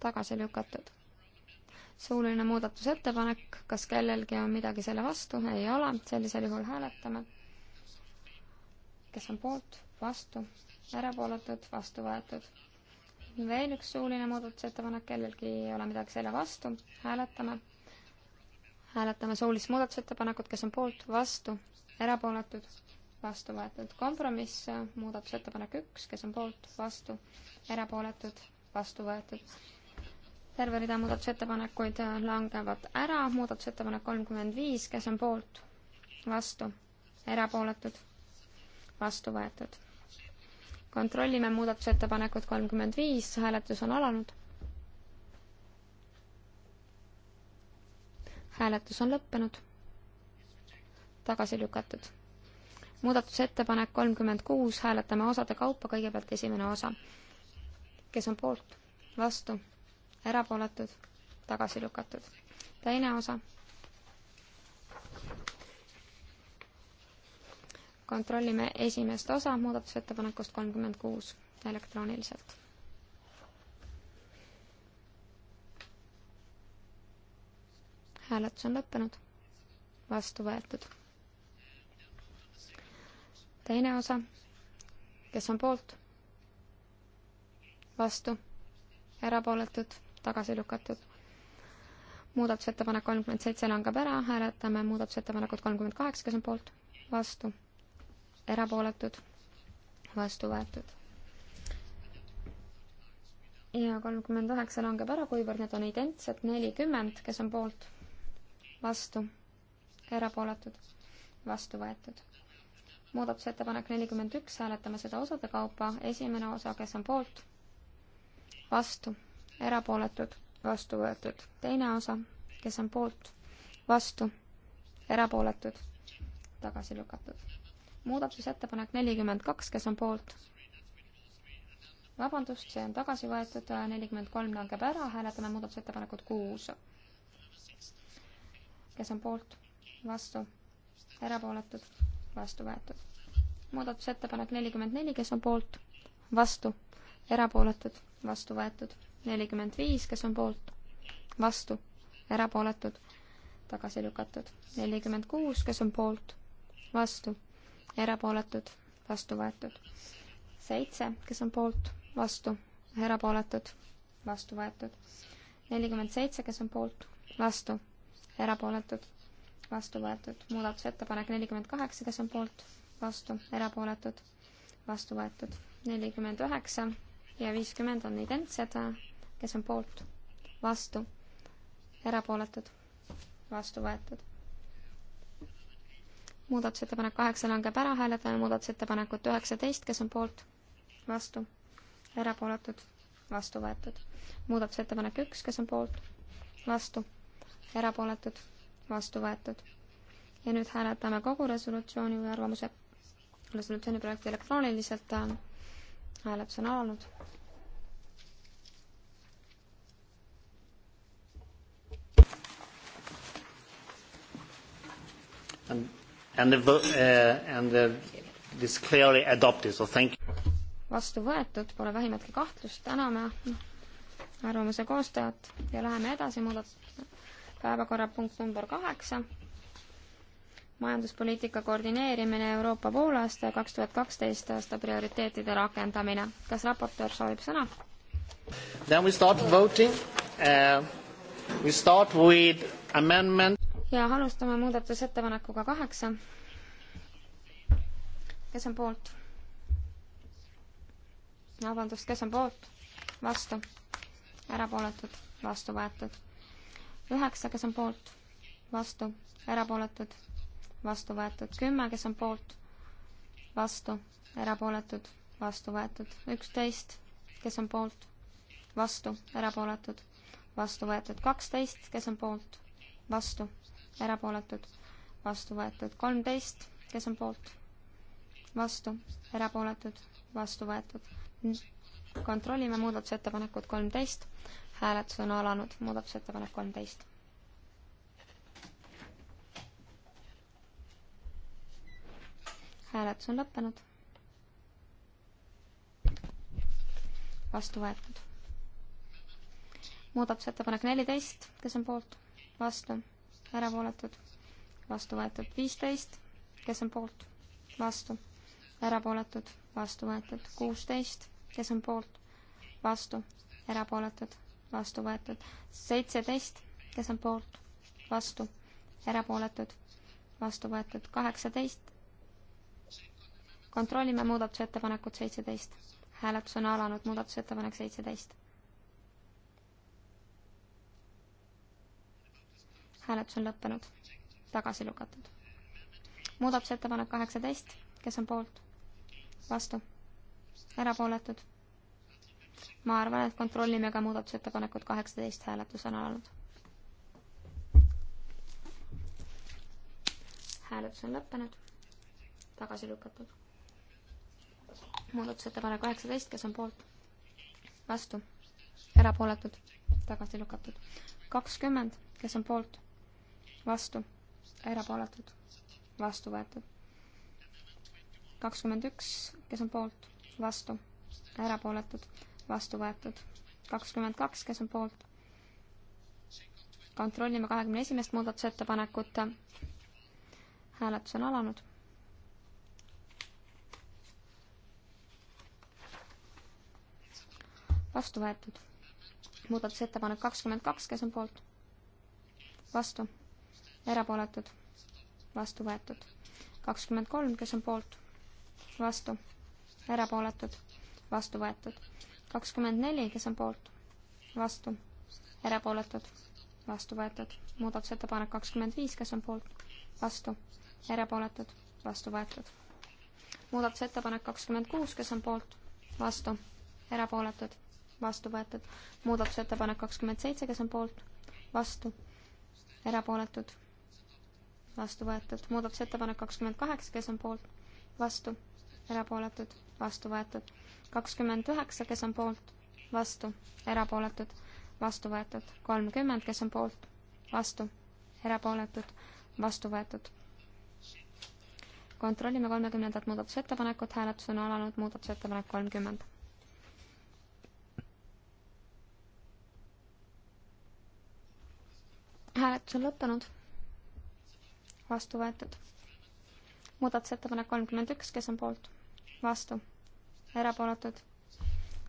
tagasi lükatud. suuline muudatusettepanek, kas kellelgi on midagi selle vastu, ei ole, sellisel juhul hääletame. kes on poolt, vastu, erapooletud, vastu võetud veel üks suuline muudatusettepanek, kellelgi ei ole midagi selle vastu, hääletame. hääletame suulist muudatusettepanekut, kes on poolt, vastu, erapooletud, vastu võetud. kompromiss, muudatusettepanek üks, kes on poolt, vastu, erapooletud, vastu võetud. terve rida muudatusettepanekuid äh, langevad ära, muudatusettepanek kolmkümmend viis, kes on poolt, vastu, erapooletud, vastu võetud. kontrollime muudatusettepanekut kolmkümmend viis, hääletus on alanud. hääletus on lõppenud tagasi lükatud muudatusettepanek kolmkümmend kuus, hääletame osade kaupa, kõigepealt esimene osa. kes on poolt? vastu? erapooletud? tagasi lükatud. teine osa. kontrollime esimest osa muudatusettepanekust kolmkümmend kuus elektrooniliselt hääletus on lõppenud. vastu võetud teine osa, kes on poolt, vastu, erapooletud, tagasi lükatud. muudatusettepanek kolmkümmend seitse langeb ära, hääletame muudatusettepanekut kolmkümmend kaheksa, kes on poolt, vastu, erapooletud, vastu võetud. ja kolmkümmend üheksa langeb ära, kuivõrd need on identsed, nelikümmend, kes on poolt, vastu, erapooletud, vastu võetud muudatusettepanek nelikümmend üks, hääletame seda osade kaupa, esimene osa, kes on poolt, vastu, erapooletud, vastu võetud, teine osa, kes on poolt, vastu, erapooletud, tagasi lükatud. muudatusettepanek nelikümmend kaks, kes on poolt, vabandust, see on tagasi võetud, nelikümmend kolm langeb ära, hääletame muudatusettepanekut kuus. kes on poolt, vastu, erapooletud vastu võetud. muudatusettepanek nelikümmend neli, kes on poolt, vastu, erapooletud, vastu võetud. nelikümmend viis, kes on poolt, vastu, erapooletud, tagasi lükatud. nelikümmend kuus, kes on poolt, vastu, erapooletud, vastu võetud. seitse, kes on poolt, vastu, erapooletud, vastu võetud. nelikümmend seitse, kes on poolt, vastu, erapooletud, vastu võetud. muudatusettepanek nelikümmend kaheksa, kes on poolt, vastu, erapooletud, vastu võetud. nelikümmend üheksa ja viiskümmend on identsed, kes on poolt, vastu, erapooletud, vastu võetud muudatusettepanek kaheksa langeb ära, hääletame muudatusettepanekut üheksateist, kes on poolt, vastu, erapooletud, vastu võetud. muudatusettepanek üks, kes on poolt, vastu, erapooletud, vastu võetud. ja nüüd hääletame kogu resolutsiooni või arvamuse, resolutsiooni projekti elektrooniliselt. hääletus on alanud. And, and, the, uh, and the, this clearly adopted, so thank you vastu võetud, pole vähimatki kahtlust, täname arvamuse koostajat ja läheme edasi muudat-, päevakorrapunkt number kaheksa, majanduspoliitika koordineerimine Euroopa poolaasta kaks tuhat kaksteist aasta prioriteetide rakendamine. kas raportöör soovib sõna? Then we start voting uh,. We start with amendment. ja alustame muudatusettepanekuga kaheksa. kes on poolt? vabandust, kes on poolt? vastu? erapooletud? vastu võetud? üheksa, kes on poolt, vastu, erapooletud, vastu võetud. kümme, kes on poolt, vastu, erapooletud, vastu võetud. üksteist, kes on poolt, vastu, erapooletud, vastu võetud. kaksteist, kes on poolt, vastu, erapooletud, vastu võetud. kolmteist, kes on poolt, vastu, erapooletud, vastu võetud kontrollime muudatusettepanekut kolmteist hääletus on alanud, muudatusettepanek kolmteist. hääletus on lõppenud. vastu võetud. muudatusettepanek neliteist, kes on poolt, vastu, erapooletud, vastu võetud. viisteist, kes on poolt, vastu, erapooletud, vastu võetud. kuusteist, kes on poolt, vastu, erapooletud, vastu võetud. seitseteist, kes on poolt, vastu, erapooletud, vastu võetud. kaheksateist, kontrollime muudatusettepanekut seitseteist. hääletus on alanud, muudatusettepanek seitseteist. hääletus on lõppenud, tagasi lükatud. muudatusettepanek kaheksateist, kes on poolt? vastu? erapooletud? ma arvan, et kontrollime ka muudatusettepanekut kaheksateist, hääletus on alanud. hääletus on lõppenud, tagasi lükatud. muudatusettepanek kaheksateist, kes on poolt? vastu, erapooletud, tagasi lükatud. kakskümmend, kes on poolt? vastu, erapooletud, vastu võetud. kakskümmend üks, kes on poolt? vastu, erapooletud vastu võetud. kakskümmend kaks, kes on poolt? kontrollime kahekümne esimest muudatusettepanekut. hääletus on alanud. vastu võetud. muudatusettepanek kakskümmend kaks, kes on poolt? vastu. erapooletud? vastu võetud. kakskümmend kolm, kes on poolt? vastu. erapooletud? vastu võetud kakskümmend neli, kes on poolt, vastu, erapooletud, vastu võetud. muudatusettepanek kakskümmend viis, kes on poolt, vastu, erapooletud, vastu võetud. muudatusettepanek kakskümmend kuus, kes on poolt, vastu, erapooletud, vastu võetud. muudatusettepanek kakskümmend seitse, kes on poolt, vastu, erapooletud, vastu võetud. muudatusettepanek kakskümmend kaheksa, kes on poolt, vastu, erapooletud, vastu võetud kakskümmend üheksa, kes on poolt, vastu, erapooletud, vastu võetud. kolmkümmend, kes on poolt, vastu, erapooletud, vastu võetud. kontrollime kolmekümnendat muudatusettepanekut, hääletus on alanud, muudatusettepanek kolmkümmend. hääletus on lõppenud, vastu võetud. muudatusettepanek kolmkümmend üks, kes on poolt, vastu erapooletud,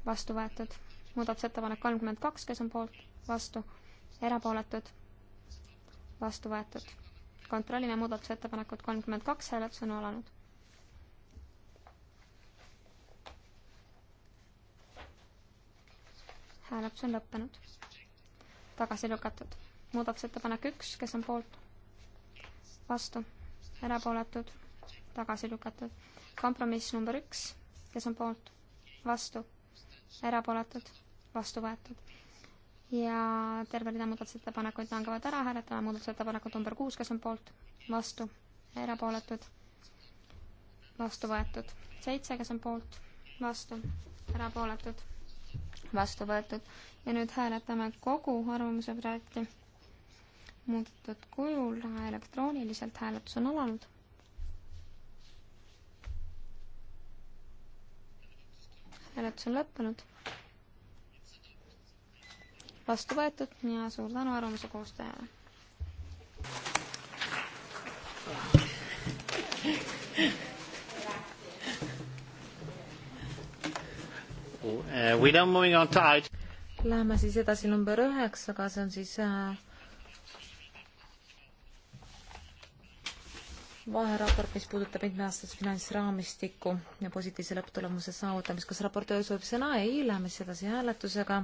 vastu võetud. muudatusettepanek kolmkümmend kaks, kes on poolt, vastu, erapooletud, vastu võetud. kontrollime muudatusettepanekut kolmkümmend kaks, hääletus on alanud. hääletus on lõppenud. tagasi lükatud. muudatusettepanek üks, kes on poolt, vastu, erapooletud, tagasi lükatud. kompromiss number üks kes on poolt, vastu, erapooletud, vastu võetud. ja terve rida muudatusettepanekuid langevad ära, hääletame muudatusettepanekut number kuus, kes on poolt, vastu, erapooletud, vastu võetud. seitse, kes on poolt, vastu, erapooletud, vastu võetud. ja nüüd hääletame kogu arvamuse projekti muudetud kujul elektrooniliselt, hääletus on alanud hääletus on lõppenud. vastu võetud ja suur tänu arvamuse koostajale. Oh, eh, Läheme siis edasi number üheksaga, see on siis äh, vaheraport, mis puudutab mitmeaastast finantsraamistikku ja positiivse lõpptulemuse saavutamist. kas raportöör soovib sõna? ei, lähme siis edasi hääletusega.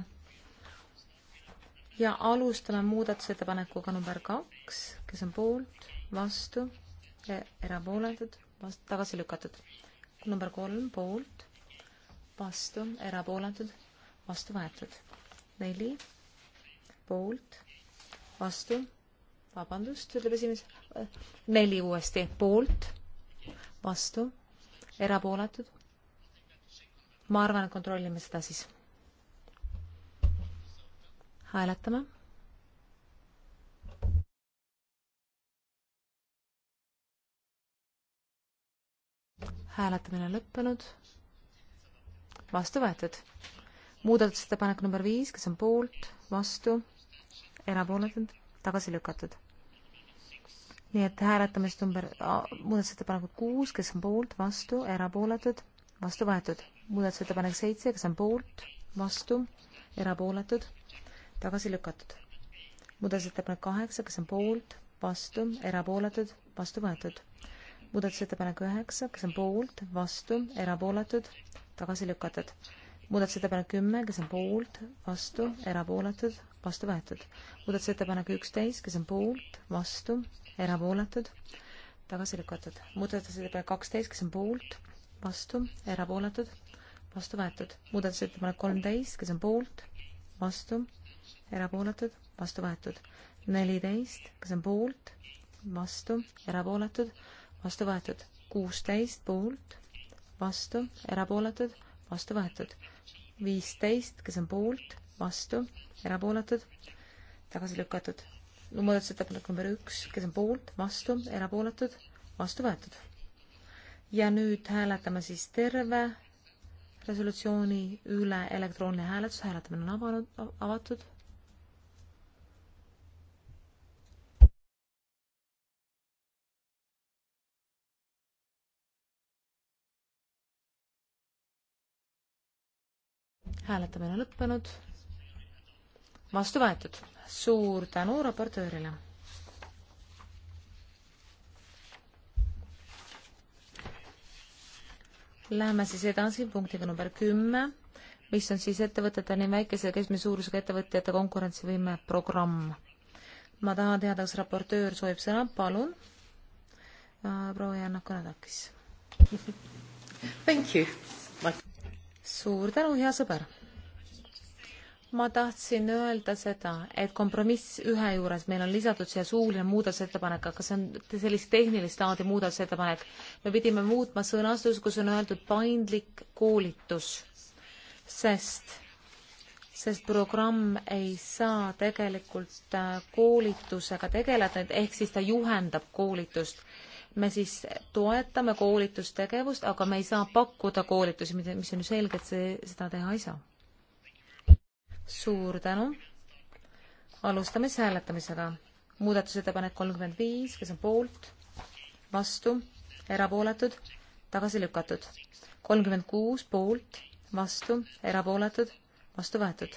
ja alustame muudatusettepanekuga number kaks, kes on poolt, vastu, e, erapooletud, vast-, tagasi lükatud. number kolm, poolt, vastu, erapooletud, vastu võetud. neli, poolt, vastu vabandust, ütleb esimees, neli uuesti, poolt, vastu, erapooletud. ma arvan, et kontrollime seda siis. hääletame. hääletamine on lõppenud. vastu võetud. muudatusettepanek number viis, kes on poolt, vastu, erapooletud tagasi lükatud. nii et hääletame siis number, muudatusettepanekut kuus, kes on poolt, vastu, erapooletud, vastu võetud. muudatusettepanek seitse, kes on poolt, vastu, erapooletud, tagasi lükatud. muudatusettepanek kaheksa, kes on poolt, vastu, erapooletud, vastu võetud. muudatusettepanek üheksa, kes on poolt, vastu, erapooletud, tagasi lükatud. muudatusettepanek kümme, kes on poolt, vastu, erapooletud, vastu võetud. muudatusettepanek üksteist, kes on poolt, vastu, erapooletud, tagasi lükatud. muudatusettepanek kaksteist, kes on poolt, vastu, erapooletud, vastu võetud. muudatusettepanek kolmteist, kes on poolt, vastu, erapooletud, vastu võetud. neliteist, kes on poolt, vastu, erapooletud, vastu võetud. kuusteist poolt, vastu, erapooletud, vastu võetud. viisteist, kes on poolt, vastu, erapooletud, tagasi lükatud. muudatusettepanek number üks, kes on poolt, vastu, erapooletud, vastu võetud. ja nüüd hääletame siis terve resolutsiooni üle elektrooniline hääletus, hääletamine on avanud, avatud. hääletamine on lõppenud vastu võetud. suur tänu raportöörile. Läheme siis edasi punktiga number kümme, mis on siis ettevõtete nii väikese ja keskmise suurusega ettevõtjate konkurentsivõime programm. ma tahan teada, kas raportöör soovib sõna, palun. Äh, proua Janna Kõnetakis. Thank you. suur tänu, hea sõber ma tahtsin öelda seda, et kompromiss ühe juures meil on lisatud siia suuline muudatusettepanek, aga see on sellist tehnilist laadi muudatusettepanek. me pidime muutma sõnastust, kus on öeldud paindlik koolitus, sest, sest programm ei saa tegelikult äh, koolitusega tegeleda, ehk siis ta juhendab koolitust me siis toetame koolitustegevust, aga me ei saa pakkuda koolitusi, mis on ju selge, et see, seda teha ei saa suur tänu. alustame siis hääletamisega. muudatusettepanek kolmkümmend viis, kes on poolt, vastu, erapooletud, tagasi lükatud. kolmkümmend kuus poolt, vastu, erapooletud, vastu võetud.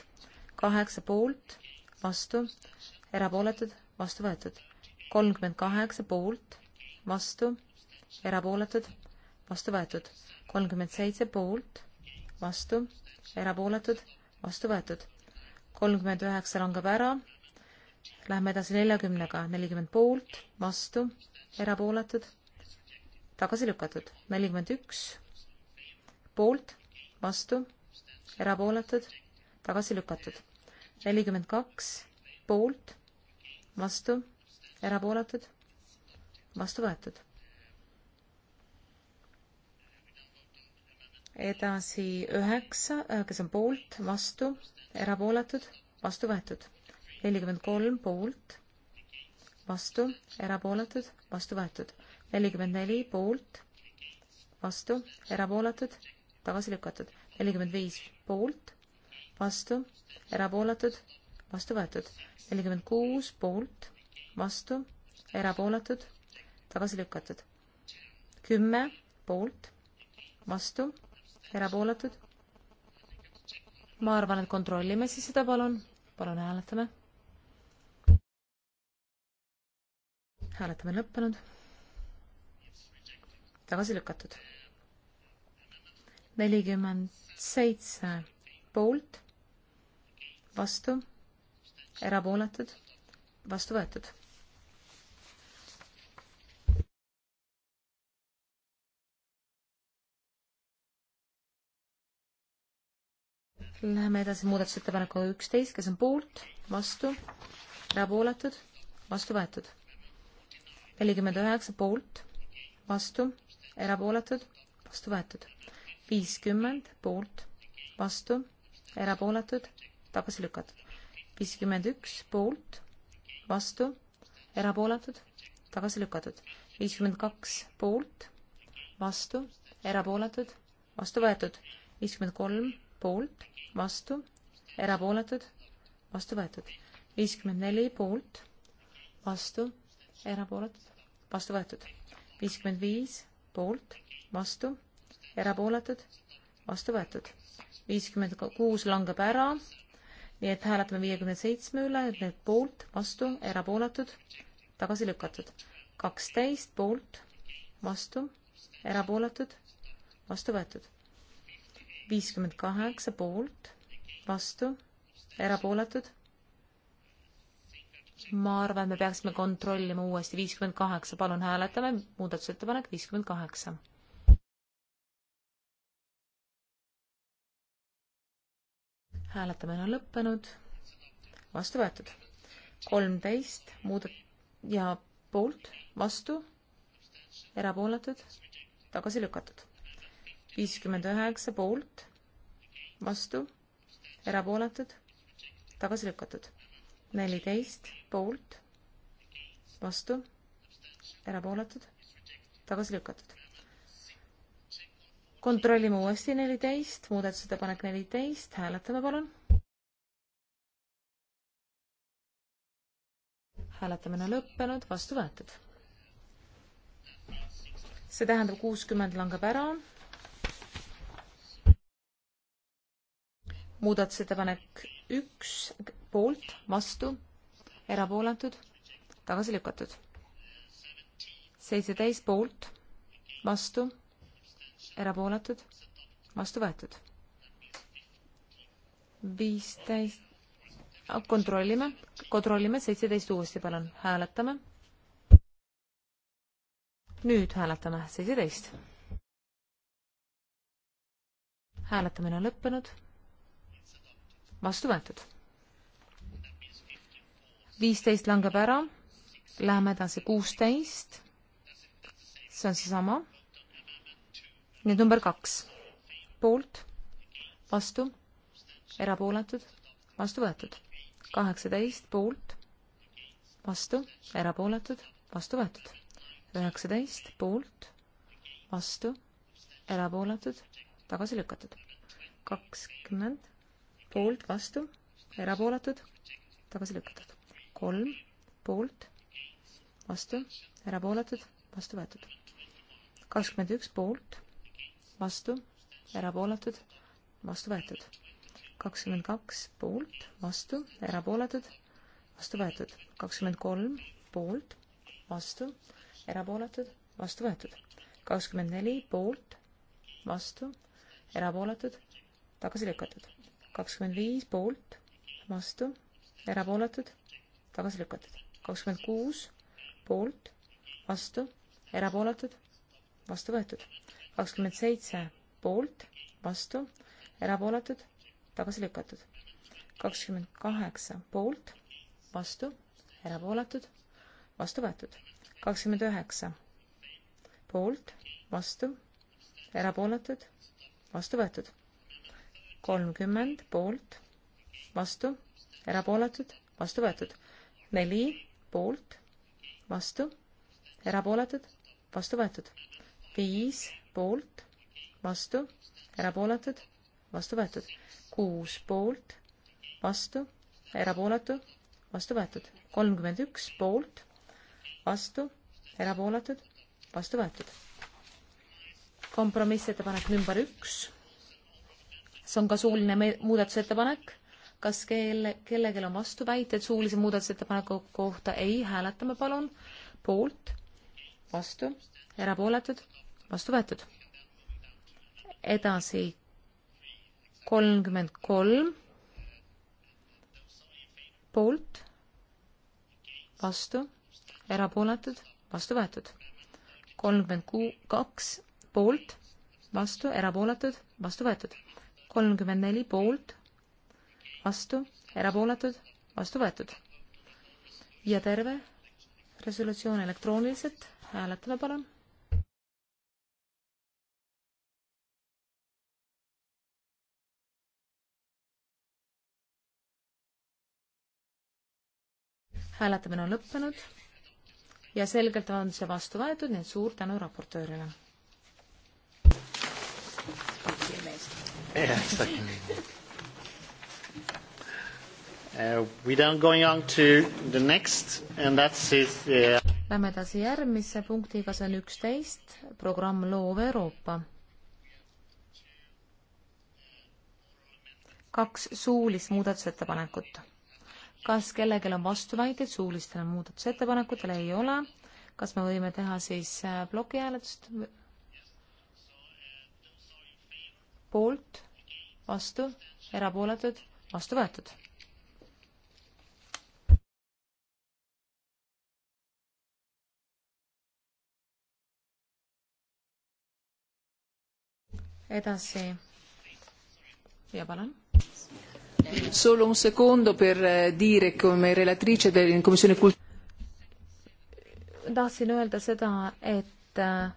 kaheksa poolt, vastu, erapooletud, vastu võetud. kolmkümmend kaheksa poolt, vastu, erapooletud, vastu võetud. kolmkümmend seitse poolt, vastu, erapooletud, vastu võetud kolmkümmend üheksa langeb ära. Lähme edasi neljakümnega, nelikümmend poolt, vastu, erapooletud, tagasi lükatud, nelikümmend üks poolt, vastu, erapooletud, tagasi lükatud, nelikümmend kaks poolt, vastu, erapooletud, vastu võetud edasi üheksa, äh, kes on poolt, vastu, erapooletud, vastu võetud. nelikümmend kolm poolt, vastu, erapooletud, vastu võetud. nelikümmend neli poolt, vastu, erapooletud, tagasi lükatud. nelikümmend viis poolt, vastu, erapooletud, vastu võetud. nelikümmend kuus poolt, vastu, erapooletud, tagasi lükatud. kümme poolt, vastu erapooletud? ma arvan, et kontrollime siis seda, palun. palun hääletame. hääletamine lõppenud. tagasi lükatud. nelikümmend seitse poolt, vastu, erapooletud, vastu võetud Läheme edasi muudatusettepaneku üksteist, kes on poolt, vastu, erapooletud, vastu võetud. nelikümmend üheksa poolt, vastu, erapooletud, vastu võetud. viiskümmend poolt, vastu, erapooletud, tagasi lükatud. viiskümmend üks poolt, vastu, erapooletud, tagasi lükatud. viiskümmend kaks poolt, vastu, erapooletud, vastu võetud. viiskümmend kolm poolt vastu, erapooletud, vastu võetud. viiskümmend neli poolt, vastu, erapooletud, vastu võetud. viiskümmend viis poolt, vastu, erapooletud, vastu võetud. viiskümmend kuus langeb ära, nii et hääletame viiekümne seitsme üle, et need poolt, vastu, erapooletud, tagasi lükatud. kaksteist poolt, vastu, erapooletud, vastu võetud viiskümmend kaheksa poolt, vastu, erapooletud. ma arvan, me peaksime kontrollima uuesti viiskümmend kaheksa, palun hääletame, muudatusettepanek viiskümmend kaheksa. hääletamine on lõppenud, vastu võetud. kolmteist muudat- ja poolt, vastu, erapooletud, tagasi lükatud viiskümmend üheksa poolt, vastu, erapooletud, tagasi lükatud. neliteist poolt, vastu, erapooletud, tagasi lükatud. kontrollime uuesti neliteist, muudatusettepanek neliteist, hääletame palun. hääletamine lõppenud, vastu võetud. see tähendab kuuskümmend langeb ära muudatusettepanek üks poolt, vastu, erapooletud, tagasi lükatud. seitseteist poolt, vastu, erapooletud, vastu võetud. viisteist, kontrollime, kontrollime seitseteist uuesti, palun, hääletame. nüüd hääletame seitseteist. hääletamine on lõppenud vastu võetud. viisteist langeb ära, läheme edasi kuusteist, see on seesama. nüüd number kaks, poolt, vastu, erapooletud, vastu võetud. kaheksateist poolt, vastu, erapooletud, vastu võetud. üheksateist poolt, vastu, erapooletud, tagasi lükatud. kakskümmend poolt, vastu, erapooletud, tagasi lükatud. kolm, poolt, vastu, erapooletud, vastu võetud. kakskümmend üks poolt, vastu, erapooletud, vastu võetud. kakskümmend kaks poolt, vastu, erapooletud, vastu võetud. kakskümmend kolm poolt, vastu, erapooletud, vastu võetud. kakskümmend neli poolt, vastu, erapooletud, tagasi lükatud kakskümmend viis poolt, vastu, erapooletud, tagasi lükatud. kakskümmend kuus poolt, vastu, erapooletud, vastu võetud. kakskümmend seitse poolt, vastu, erapooletud, tagasi lükatud. kakskümmend kaheksa poolt, vastu, erapooletud, vastu võetud. kakskümmend üheksa poolt, vastu, erapooletud, vastu võetud kolmkümmend poolt, vastu, erapooletud, vastu võetud. neli poolt, vastu, erapooletud, vastu võetud. viis poolt, vastu, erapooletud, vastu võetud. kuus poolt, vastu, erapooletu, vastu võetud. kolmkümmend üks poolt, vastu, erapooletud, vastu võetud. kompromissettepanek number üks see on ka suuline muudatusettepanek. kas kelle, kellelgi on vastuväited suulise muudatusettepaneku kohta? ei, hääletame palun. poolt, vastu, erapooletud, vastu võetud. edasi kolmkümmend kolm, poolt, vastu, erapooletud, vastu võetud. kolmkümmend kuu-, kaks, poolt, vastu, erapooletud, vastu võetud kolmkümmend neli poolt, vastu, erapooletud, vastu võetud. ja terve resolutsioon elektrooniliselt, hääletame palun. hääletamine on lõppenud ja selgelt on see vastu võetud, nii et suur tänu raportöörile. Thank you. Exactly. Uh, we then going on to the next and that's is uh... Lähme edasi järgmise punktiga, see on üksteist, programm Loov Euroopa. kaks suulist muudatusettepanekut. kas kellelgi on vastuväiteid suulistele muudatusettepanekutele, ei ole. kas me võime teha siis äh, plokihääletust? poolt, vastu, erapooletud, vastu võetud. edasi. ja palun. Solo un secondo per eh, dire come relatrice della Commissione Cult-. tahtsin öelda seda, et eh,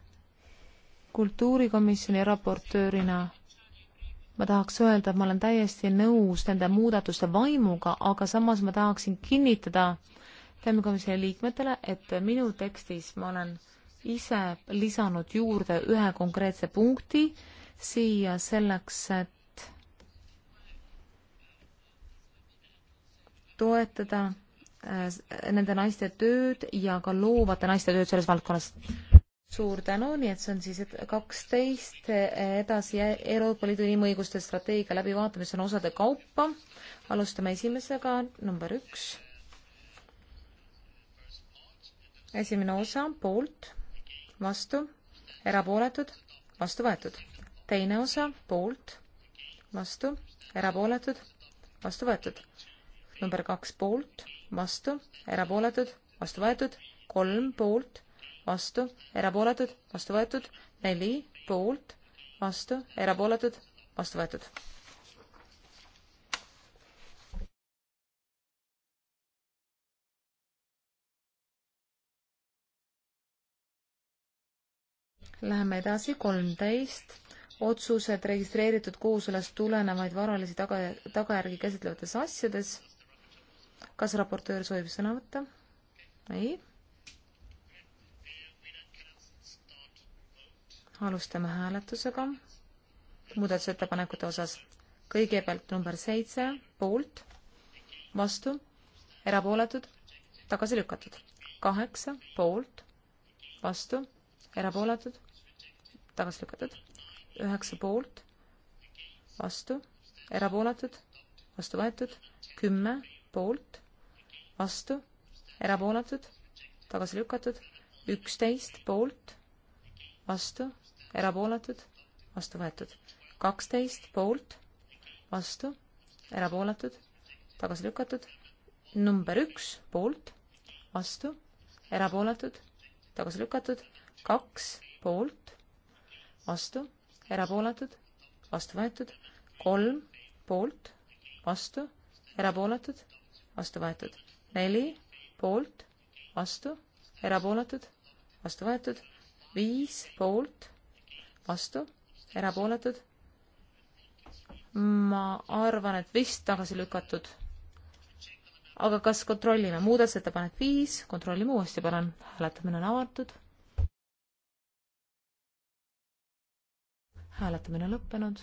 kultuurikomisjoni raportöörina ma tahaks öelda, et ma olen täiesti nõus nende muudatuste vaimuga, aga samas ma tahaksin kinnitada Femikomisjoni liikmetele, et minu tekstis ma olen ise lisanud juurde ühe konkreetse punkti siia selleks, et toetada äh, nende naiste tööd ja ka loovate naiste tööd selles valdkonnas suur tänu, nii et see on siis kaksteist edasi Euroopa Liidu inimõiguste strateegia läbivaatamine, on osade kaupa. alustame esimesega, number üks. esimene osa, poolt, vastu, erapooletud, vastu võetud. teine osa, poolt, vastu, erapooletud, vastu võetud. number kaks, poolt, vastu, erapooletud, vastu võetud. kolm, poolt vastu, erapooletud, vastu võetud, neli poolt, vastu, erapooletud, vastu võetud. Läheme edasi, kolmteist otsused registreeritud koosolest tulenevaid varalisi taga, tagajärgi käsitlevates asjades. kas raportöör soovib sõna võtta? ei alustame hääletusega muudatusettepanekute osas. kõigepealt number seitse, poolt, vastu, erapooletud, tagasi lükatud. kaheksa, poolt, vastu, erapooletud, tagasi lükatud. üheksa poolt, vastu, erapooletud, vastu võetud. kümme poolt, vastu, erapooletud, tagasi lükatud. üksteist poolt, vastu, erapooletud, vastu võetud. kaksteist poolt, vastu, erapooletud, tagasi lükatud. number üks poolt, vastu, erapooletud, tagasi lükatud. kaks poolt, vastu, erapooletud, vastu võetud. kolm poolt, vastu, erapooletud, vastu võetud. neli poolt, vastu, erapooletud, vastu võetud. viis poolt vastu, erapooletud. ma arvan, et vist tagasi lükatud. aga kas kontrollime, muudatusettepanek viis, kontrollime uuesti, palun, hääletamine on avatud. hääletamine on lõppenud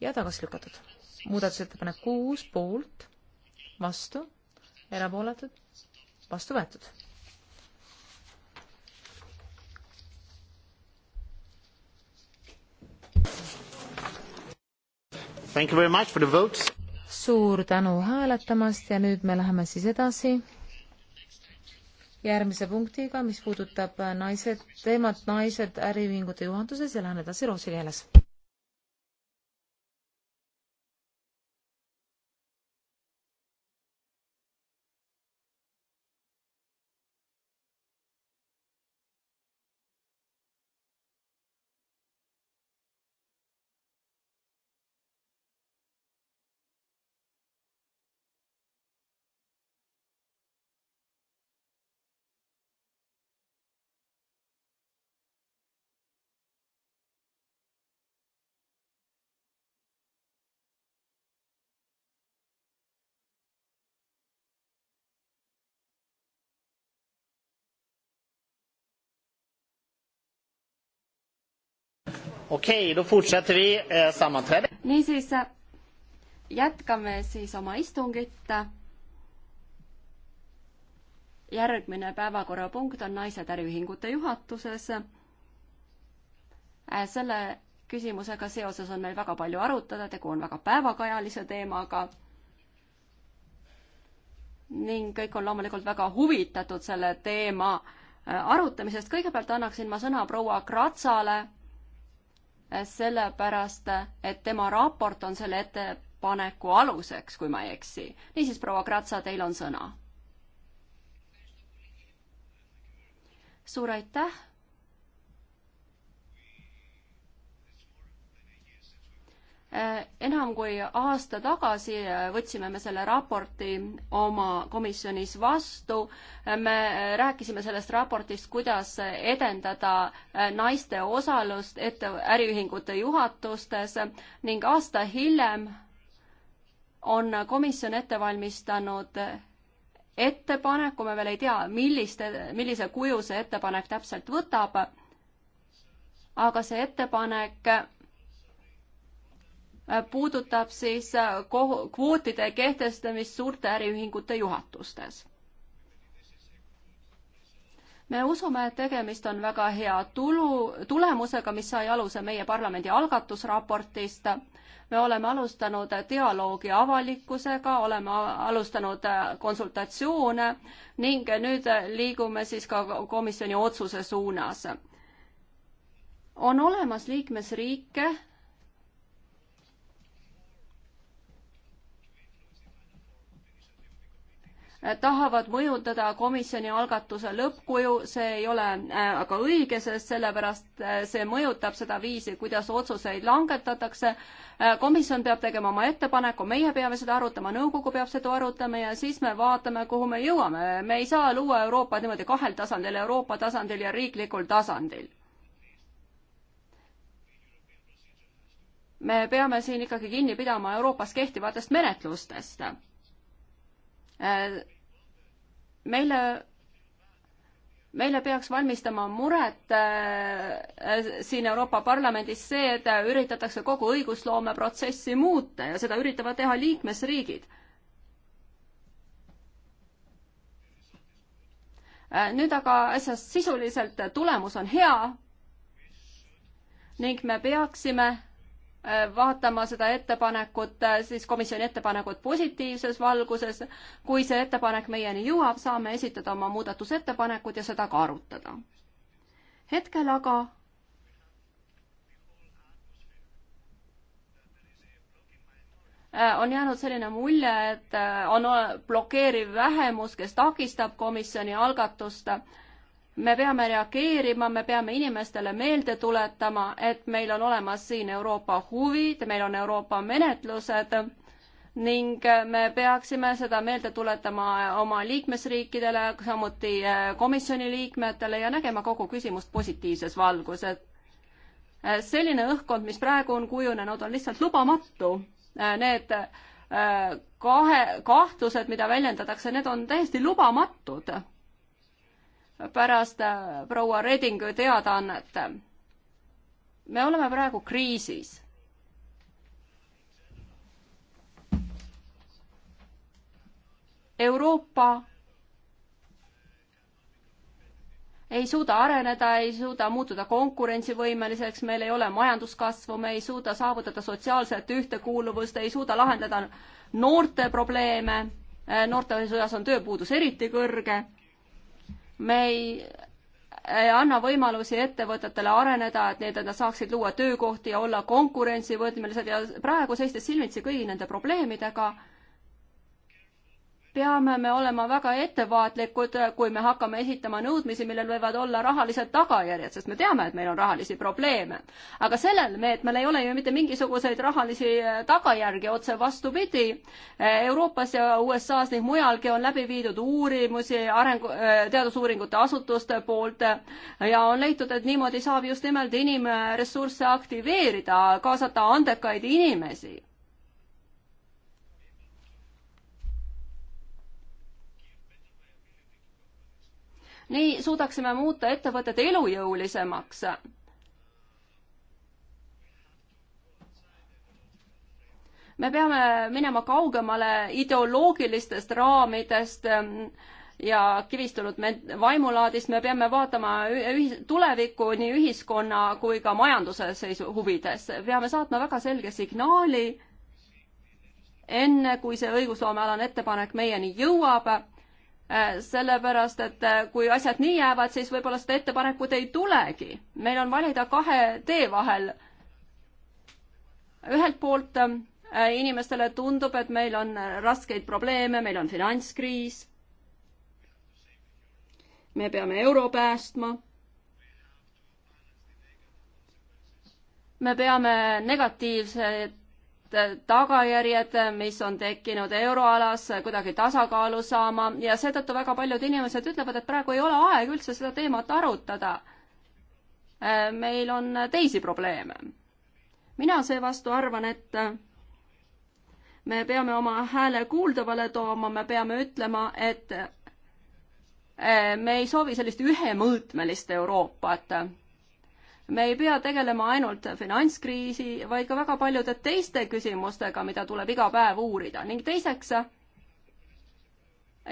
ja tagasi lükatud. muudatusettepanek kuus poolt, vastu, erapooletud, vastu võetud suur tänu hääletamast ja nüüd me läheme siis edasi järgmise punktiga, mis puudutab naised, teemat naised äriühingute juhatuses ja lähen edasi Rootsi keeles okei okay,, no fortsätter vi eh, sammanträde. niisiis, jätkame siis oma istungit. järgmine päevakorrapunkt on naised äriühingute juhatuses. Äh, selle küsimusega seoses on meil väga palju arutada, tegu on väga päevakajalise teemaga ning kõik on loomulikult väga huvitatud selle teema äh, arutamisest. kõigepealt annaksin ma sõna proua Kratsale sellepärast et tema raport on selle ettepaneku aluseks, kui ma ei eksi. niisiis, proua Kratsa, teil on sõna. suur aitäh Äh, enam kui aasta tagasi äh, võtsime me selle raporti oma komisjonis vastu. Äh, me rääkisime sellest raportist, kuidas edendada naiste osalust ette äriühingute juhatustes ning aasta hiljem on komisjon ette valmistanud ettepaneku, me veel ei tea, millist, millise kuju see ettepanek täpselt võtab, aga see ettepanek Äh, puudutab siis äh, kvootide kehtestamist suurte äriühingute juhatustes. me usume, et tegemist on väga hea tulu, tulemusega, mis sai aluse meie parlamendi algatusraportist. me oleme alustanud dialoogi avalikkusega, oleme alustanud äh, konsultatsioone ning nüüd liigume siis ka komisjoni otsuse suunas. on olemas liikmesriike, tahavad mõjutada komisjoni algatuse lõppkuju, see ei ole äh, aga õige, sest sellepärast äh, see mõjutab seda viisi, kuidas otsuseid langetatakse. Äh, komisjon peab tegema oma ettepaneku, meie peame seda arutama, nõukogu peab seda arutama ja siis me vaatame, kuhu me jõuame. me ei saa luua Euroopat niimoodi kahel tasandil, Euroopa tasandil ja riiklikul tasandil me peame siin ikkagi kinni pidama Euroopas kehtivatest menetlustest Äh, meile, meile peaks valmistama muret äh, siin Euroopa Parlamendis see, et üritatakse kogu õigusloomeprotsessi muuta ja seda üritavad teha liikmesriigid. Äh, nüüd aga asjast sisuliselt, tulemus on hea ning me peaksime vaatama seda ettepanekut, siis komisjoni ettepanekut positiivses valguses. kui see ettepanek meieni jõuab, saame esitada oma muudatusettepanekud ja seda ka arutada. hetkel aga on jäänud selline mulje, et on blokeeriv vähemus, kes takistab komisjoni algatust me peame reageerima, me peame inimestele meelde tuletama, et meil on olemas siin Euroopa huvid, meil on Euroopa menetlused ning me peaksime seda meelde tuletama oma liikmesriikidele, samuti eh, komisjoni liikmetele ja nägema kogu küsimust positiivses valguses. Eh, selline õhkkond, mis praegu on kujunenud, on lihtsalt lubamatu. Eh, need kahe, kahtlused, mida väljendatakse, need on täiesti lubamatud pärast äh, proua Redingu teadaannet. me oleme praegu kriisis. Euroopa ei suuda areneda, ei suuda muutuda konkurentsivõimeliseks, meil ei ole majanduskasvu, me ei suuda saavutada sotsiaalset ühtekuuluvust, ei suuda lahendada noorte probleeme, äh, noorte seas on tööpuudus eriti kõrge me ei, ei anna võimalusi ettevõtetele areneda, et need, et nad saaksid luua töökohti ja olla konkurentsivõimelised ja praegu seistes silmitsi kõigi nende probleemidega peame me olema väga ettevaatlikud, kui me hakkame esitama nõudmisi, millel võivad olla rahalised tagajärjed, sest me teame, et meil on rahalisi probleeme. aga sellel meetmel ei ole ju mitte mingisuguseid rahalisi eh, tagajärgi, otse vastupidi. Eh, Euroopas ja USA-s ning mujalgi on läbi viidud uurimusi arengu, eh, teadusuuringute asutuste poolt ja on leitud, et niimoodi saab just nimelt inimressursse aktiveerida, kaasata andekaid inimesi nii suudaksime muuta ettevõtted elujõulisemaks. me peame minema kaugemale ideoloogilistest raamidest ja kivistunud vaimulaadist, me peame vaatama ühis-, tulevikku nii ühiskonna kui ka majanduse seisu huvides. peame saatma väga selge signaali, enne kui see õigusloomealane ettepanek meieni jõuab Äh, sellepärast et äh, kui asjad nii jäävad, siis võib-olla seda ettepanekut ei tulegi. meil on valida kahe tee vahel. ühelt poolt äh, inimestele tundub, et meil on raskeid probleeme, meil on finantskriis. me peame euro päästma. me peame negatiivsed tagajärjed, mis on tekkinud euroalas, kuidagi tasakaalu saama ja seetõttu väga paljud inimesed ütlevad, et praegu ei ole aeg üldse seda teemat arutada. meil on teisi probleeme. mina seevastu arvan, et me peame oma hääle kuuldavale tooma, me peame ütlema, et me ei soovi sellist ühemõõtmelist Euroopat me ei pea tegelema ainult finantskriisi, vaid ka väga paljude teiste küsimustega, mida tuleb iga päev uurida ning teiseks,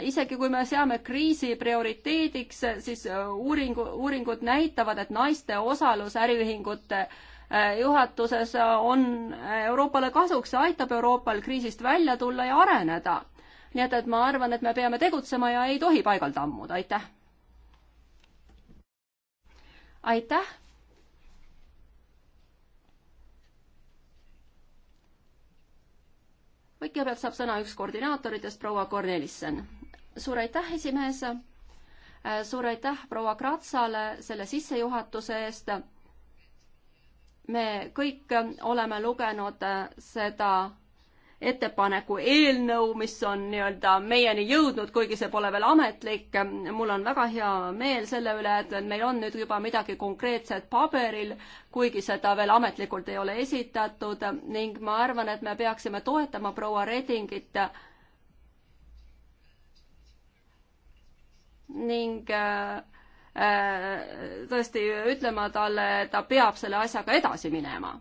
isegi kui me seame kriisi prioriteediks, siis äh, uuringu, uuringud näitavad, et naiste osalus äriühingute äh, juhatuses on Euroopale kasuks, see aitab Euroopal kriisist välja tulla ja areneda. nii et, et ma arvan, et me peame tegutsema ja ei tohi paigalt ammuda, aitäh! aitäh! kõigepealt saab sõna üks koordinaatoritest, proua Kornelissen. suur aitäh, esimees. suur aitäh proua Kratsale selle sissejuhatuse eest. me kõik oleme lugenud seda ettepaneku eelnõu, mis on nii-öelda meieni jõudnud, kuigi see pole veel ametlik. mul on väga hea meel selle üle, et meil on nüüd juba midagi konkreetset paberil, kuigi seda veel ametlikult ei ole esitatud ning ma arvan, et me peaksime toetama proua Redingit ning äh, äh, tõesti ütlema talle, ta peab selle asjaga edasi minema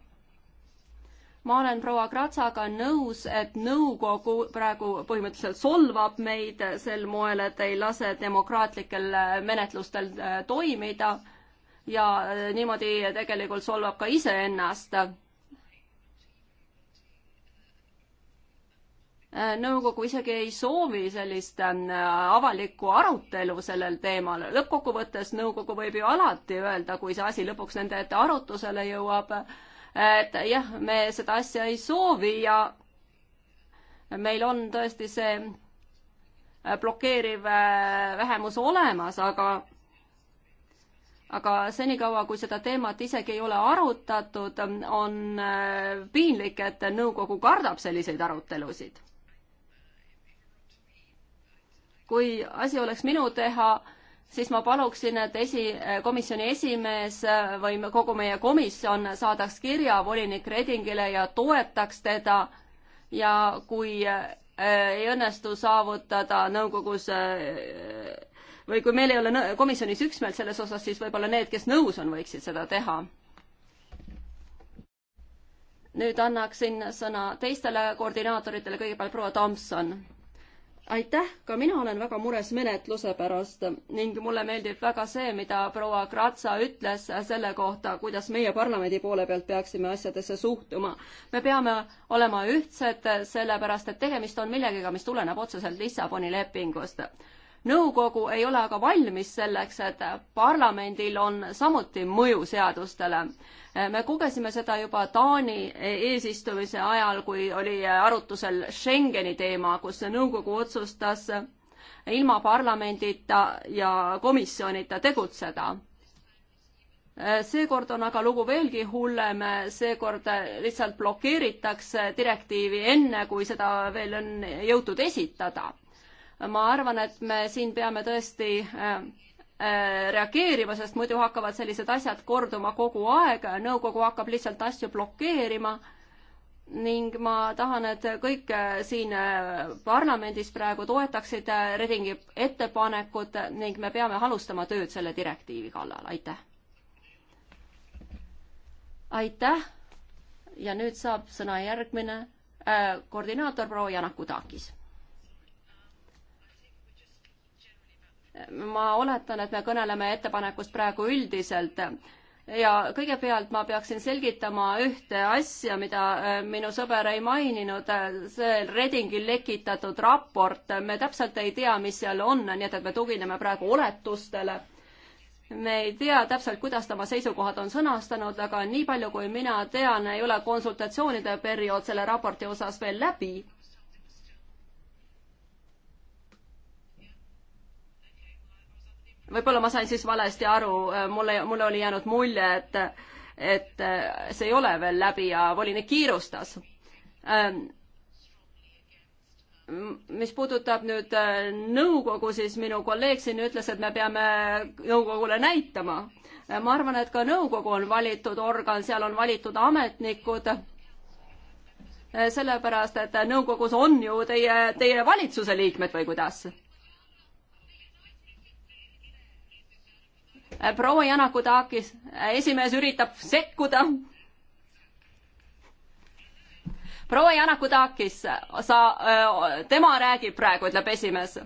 ma olen proua Kratsaga nõus, et nõukogu praegu põhimõtteliselt solvab meid sel moel, et ei lase demokraatlikel menetlustel äh, toimida ja äh, niimoodi tegelikult solvab ka iseennast. Äh, nõukogu isegi ei soovi sellist avalikku arutelu sellel teemal. lõppkokkuvõttes nõukogu võib ju alati öelda, kui see asi lõpuks nende ette arutusele jõuab et jah, me seda asja ei soovi ja meil on tõesti see blokeeriv äh, vähemus olemas, aga aga senikaua, kui seda teemat isegi ei ole arutatud, on äh, piinlik, et nõukogu kardab selliseid arutelusid. kui asi oleks minu teha, siis ma paluksin, et esi, komisjoni esimees või kogu meie komisjon saadaks kirja volinik Redingile ja toetaks teda ja kui äh, ei õnnestu saavutada nõukogus äh, või kui meil ei ole komisjonis üksmeelt selles osas, siis võib-olla need, kes nõus on, võiksid seda teha. nüüd annaksin sõna teistele koordinaatoritele, kõigepealt proua Tomson aitäh, ka mina olen väga mures menetluse pärast ning mulle meeldib väga see, mida proua Kratsa ütles selle kohta, kuidas meie parlamendi poole pealt peaksime asjadesse suhtuma. me peame olema ühtsed, sellepärast et tegemist on millegagi, mis tuleneb otseselt Lissaboni lepingust nõukogu ei ole aga valmis selleks, et parlamendil on samuti mõju seadustele. me kogesime seda juba Taani eesistumise ajal, kui oli arutusel Schengeni teema, kus nõukogu otsustas ilma parlamendita ja komisjonita tegutseda seekord on aga lugu veelgi hullem, seekord lihtsalt blokeeritakse direktiivi enne, kui seda veel on jõutud esitada ma arvan, et me siin peame tõesti äh, äh, reageerima, sest muidu hakkavad sellised asjad korduma kogu aeg, nõukogu hakkab lihtsalt asju blokeerima ning ma tahan, et kõik äh, siin parlamendis praegu toetaksid Redingi ettepanekut ning me peame alustama tööd selle direktiivi kallal, aitäh. aitäh ja nüüd saab sõna järgmine koordinaator proua Janaku Taakis ma oletan, et me kõneleme ettepanekust praegu üldiselt ja kõigepealt ma peaksin selgitama ühte asja, mida äh, minu sõber ei maininud, see Redingil lekitatud raport, me täpselt ei tea, mis seal on, nii et, et me tugineme praegu oletustele. me ei tea täpselt, kuidas ta oma seisukohad on sõnastanud, aga nii palju, kui mina tean, ei ole konsultatsioonide periood selle raporti osas veel läbi võib-olla ma sain siis valesti aru, äh, mulle, mulle oli jäänud mulje, et, et äh, see ei ole veel läbi ja volinik kiirustas. Ähm, mis puudutab nüüd äh, nõukogu, siis minu kolleeg siin ütles, et me peame nõukogule näitama. ma arvan, et ka nõukogu on valitud organ, seal on valitud ametnikud sellepärast, et nõukogus on ju teie, teie valitsuse liikmed või kuidas? proua Janakutakis, esimees üritab sekkuda. proua Janakutakis, sa, äh, tema räägib praegu, ütleb esimees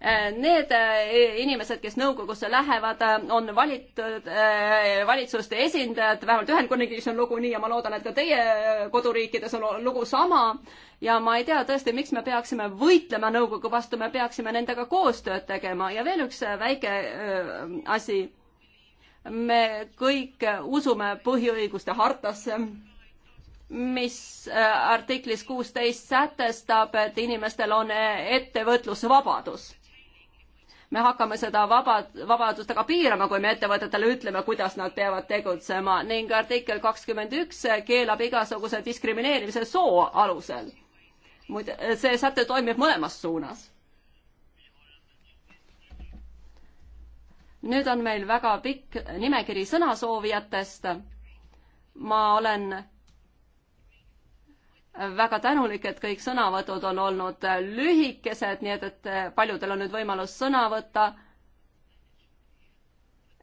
Äh, need äh, inimesed, kes nõukogusse lähevad, äh, on valitud valitsuste esindajad, vähemalt Ühendkuningriigis on lugu nii ja ma loodan, et ka teie koduriikides on lugu sama. ja ma ei tea tõesti, miks me peaksime võitlema nõukogu vastu, me peaksime nendega koostööd tegema ja veel üks väike asi. me kõik usume põhiõiguste hartasse mis artiklis kuusteist sätestab, et inimestel on ettevõtlusvabadus me hakkame seda vaba, vabadust aga piirama, kui me ettevõtetele ütleme, kuidas nad peavad tegutsema ning artikkel kakskümmend üks keelab igasuguse diskrimineerimise soo alusel. muide, see säte toimib mõlemas suunas. nüüd on meil väga pikk nimekiri sõnasoovijatest. ma olen väga tänulik, et kõik sõnavõtud on olnud lühikesed, nii et, et paljudel on nüüd võimalus sõna võtta.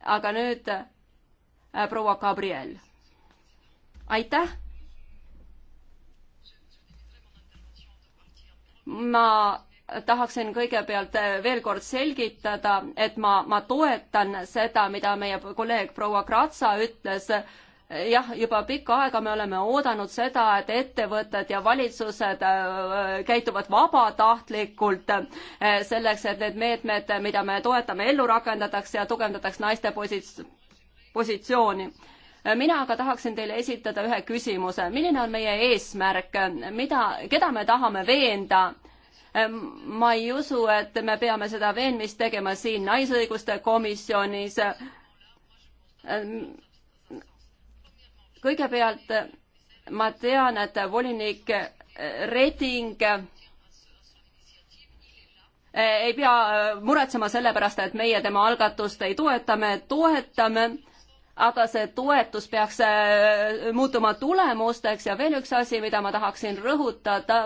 aga nüüd äh, proua Gabriel. aitäh. ma tahaksin kõigepealt veel kord selgitada, et ma, ma toetan seda, mida meie kolleeg proua Kratsa ütles äh, jah, juba pikka aega me oleme oodanud seda, et ettevõtted ja valitsused äh, käituvad vabatahtlikult äh, selleks, et need meetmed, mida me toetame, ellu rakendatakse ja tugevdatakse naiste posits-, positsiooni äh, mina aga tahaksin teile esitada ühe küsimuse, milline on meie eesmärk, mida, keda me tahame veenda? ma ei usu, et me peame seda veenmist tegema siin naisõiguste komisjonis kõigepealt ma tean, et volinik Reding eh, ei pea eh, muretsema selle pärast, et meie tema algatust ei toeta, me toetame, aga see toetus peaks eh, muutuma tulemusteks ja veel üks asi, mida ma tahaksin rõhutada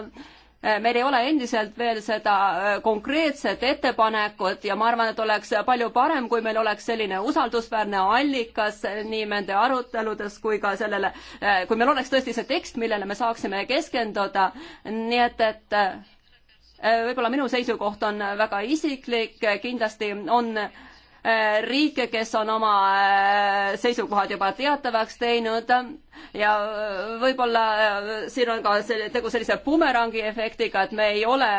Äh, meil ei ole endiselt veel seda äh, konkreetset ettepanekut ja ma arvan, et oleks palju parem, kui meil oleks selline usaldusväärne allikas nii nende aruteludes kui ka sellele, äh, kui meil oleks tõesti see tekst, millele me saaksime keskenduda, nii et, et võib-olla minu seisukoht on väga isiklik, kindlasti on äh, Eh, riike, kes on oma eh, seisukohad juba teatavaks teinud ja eh, võib-olla siin on ka selle, tegu sellise bumerangi efektiga, et me ei ole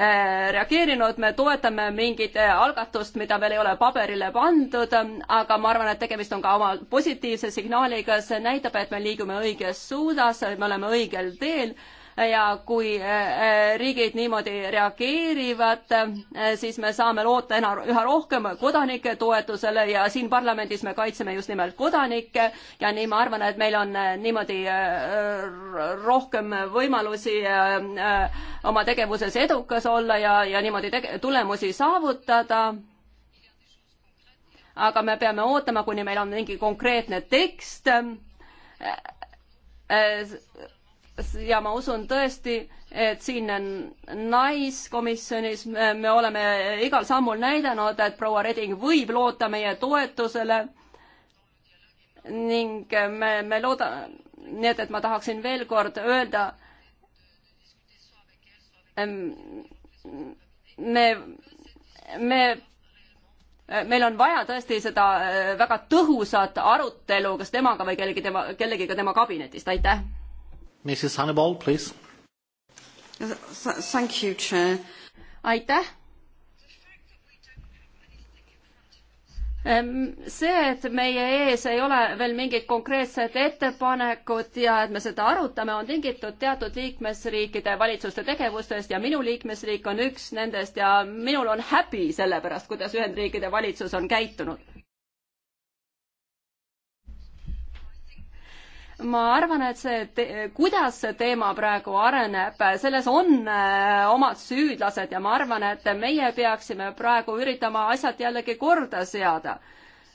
reageerinud, me toetame mingit algatust, mida veel ei ole paberile pandud, aga ma arvan, et tegemist on ka oma positiivse signaaliga, see näitab, et me liigume õiges suunas, me oleme õigel teel ja kui äh, äh, riigid niimoodi reageerivad, äh, siis me saame loota ena, üha rohkem kodanike toetusele ja siin parlamendis me kaitseme just nimelt kodanikke ja nii ma arvan, et meil on niimoodi rohkem võimalusi oma tegevuses edukas olla ja, ja niimoodi tege-, tulemusi saavutada aga me peame ootama, kuni meil on mingi konkreetne tekst ja ma usun tõesti, et siin naiskomisjonis me oleme igal sammul näidanud, et proua Reding võib loota meie toetusele ning me, me looda-, nii et, et ma tahaksin veel kord öelda, me, me meil on vaja tõesti seda äh, väga tõhusat arutelu, kas temaga või kellegi tema, kellegiga tema kabinetist, aitäh Mrs Hannibal, please. Thank you, chair. aitäh. see, et meie ees ei ole veel mingit konkreetset ettepanekut ja et me seda arutame, on tingitud teatud liikmesriikide valitsuste tegevustest ja minu liikmesriik on üks nendest ja minul on häbi selle pärast, kuidas Ühendriikide valitsus on käitunud ma arvan, et see, kuidas see teema praegu areneb, selles on äh, omad süüdlased ja ma arvan, et meie peaksime praegu üritama asjad jällegi korda seada.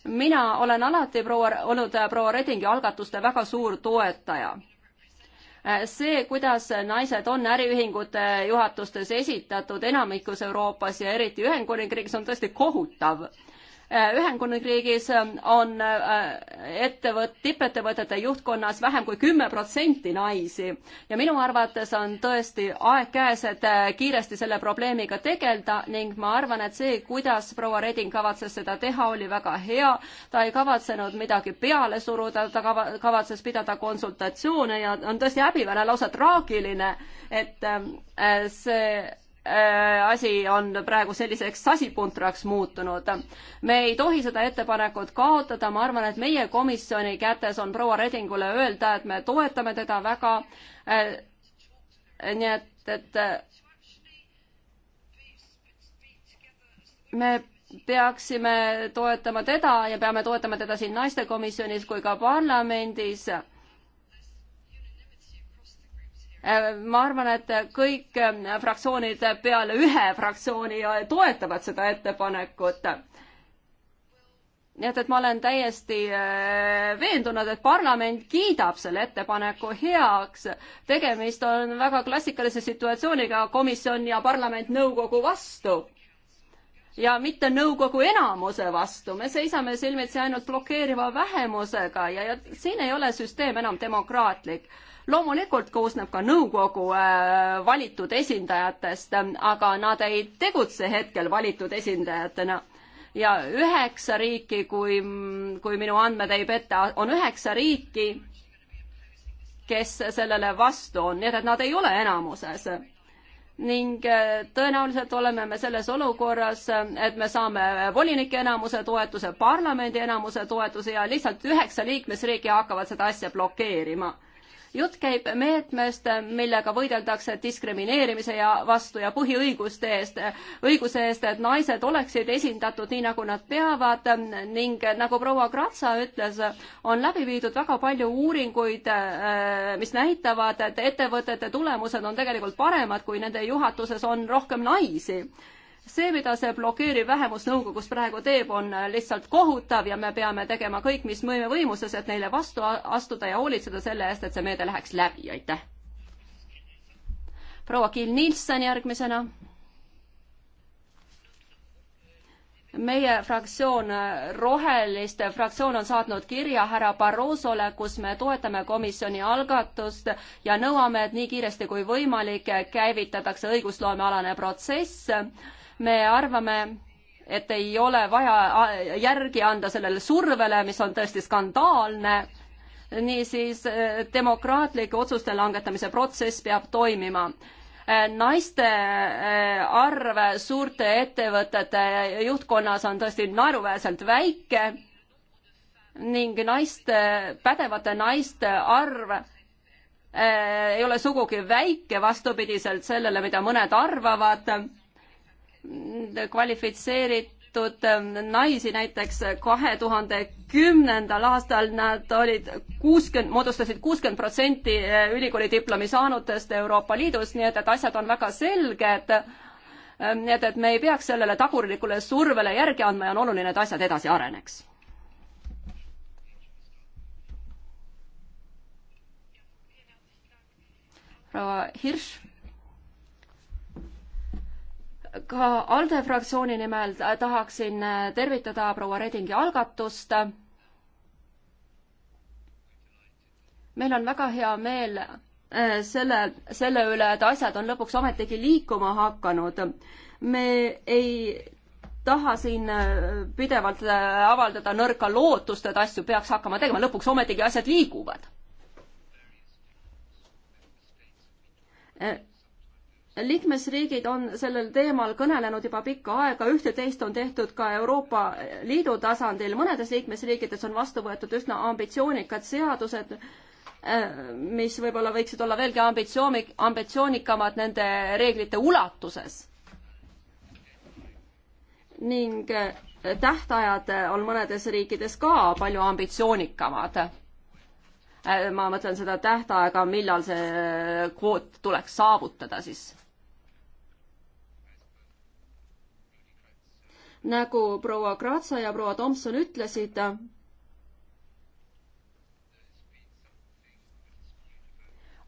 mina olen alati proua, olnud äh, proua Redingi algatuste väga suur toetaja äh, see, kuidas naised on äriühingute juhatustes esitatud enamikus Euroopas ja eriti Ühendkuningriigis, on tõesti kohutav Äh, Ühendkuningriigis ähm, on äh, ettevõt-, tippettevõtete juhtkonnas vähem kui kümme protsenti naisi ja minu arvates on tõesti aeg käes, et äh, kiiresti selle probleemiga tegeleda ning ma arvan, et see, kuidas proua Reding kavatses seda teha, oli väga hea. ta ei kavatsenud midagi peale suruda, ta kava-, kavatses pidada konsultatsioone ja on tõesti häbiväärne, lausa traagiline, et ähm, see Äh, asi on praegu selliseks sasipuntraks muutunud. me ei tohi seda ettepanekut kaotada, ma arvan, et meie komisjoni kätes on proua Redingule öelda, et me toetame teda väga. Äh, nii et, et äh, me peaksime toetama teda ja peame toetama teda siin naistekomisjonis kui ka parlamendis Äh, ma arvan, et kõik äh, fraktsioonid peale ühe fraktsiooni äh, toetavad seda ettepanekut. nii et, et ma olen täiesti veendunud, et parlament kiidab selle ettepaneku heaks. tegemist on väga klassikalise situatsiooniga komisjon ja parlament nõukogu vastu ja mitte nõukogu enamuse vastu, me seisame silmitsi ainult blokeeriva vähemusega ja, ja siin ei ole süsteem enam demokraatlik loomulikult koosneb ka nõukogu äh, valitud esindajatest, äh, aga nad ei tegutse hetkel valitud esindajatena ja üheksa riiki, kui, kui minu andmed ei peta, on üheksa riiki, kes sellele vastu on, nii et, et nad ei ole enamuses. ning äh, tõenäoliselt oleme me selles olukorras, et me saame volinike enamuse toetuse, parlamendi enamuse toetuse ja lihtsalt üheksa liikmesriiki hakkavad seda asja blokeerima jutt käib meetmest, millega võideldakse diskrimineerimise ja vastu ja põhiõiguste eest, õiguse eest, et naised oleksid esindatud nii, nagu nad peavad ning nagu proua Kratsa ütles, on läbi viidud väga palju uuringuid, äh, mis näitavad, et ettevõtete tulemused on tegelikult paremad, kui nende juhatuses on rohkem naisi see, mida see blokeeriv vähemus nõukogus praegu teeb, on lihtsalt kohutav ja me peame tegema kõik, mis võime võimuses, et neile vastu astuda ja hoolitseda selle eest, et see meede läheks läbi, aitäh. proua Kill Nilsson järgmisena. meie fraktsioon, Roheliste fraktsioon on saatnud kirja härra Barrosole, kus me toetame komisjoni algatust ja nõuame, et nii kiiresti kui võimalik käivitatakse õigusloomealane protsess me arvame, et ei ole vaja järgi anda sellele survele, mis on tõesti skandaalne niisiis e, demokraatlike otsuste langetamise protsess peab toimima. E, naiste e, arv suurte ettevõtete juhtkonnas on tõesti naeruväärselt väike ning naiste, pädevate naiste arv ei ole sugugi väike, vastupidiselt sellele, mida mõned arvavad kvalifitseeritud naisi näiteks kahe tuhande kümnendal aastal nad olid kuuskümmend, moodustasid kuuskümmend protsenti ülikooli diplomi saanutest Euroopa Liidus, nii et, et asjad on väga selged. nii et, et me ei peaks sellele tagurlikule survele järgi andma ja on oluline, et asjad edasi areneks proua Hirš ka ALDE fraktsiooni nimel tahaksin äh, tervitada proua Redingi algatust. meil on väga hea meel äh, selle, selle üle, et asjad on lõpuks ometigi liikuma hakanud. me ei taha siin äh, pidevalt avaldada nõrka lootust, et asju peaks hakkama tegema, lõpuks ometigi asjad liiguvad liikmesriigid on sellel teemal kõnelenud juba pikka aega, üht-teist on tehtud ka Euroopa Liidu tasandil, mõnedes liikmesriikides on vastu võetud üsna ambitsioonikad seadused, eh, mis võib-olla võiksid olla veelgi ambitsiooni, ambitsioonikamad nende reeglite ulatuses. ning eh, tähtajad on mõnedes riikides ka palju ambitsioonikamad. Eh, ma mõtlen seda tähtaega, millal see kvoot tuleks saavutada siis nagu proua Kratsa ja proua Tomson ütlesid,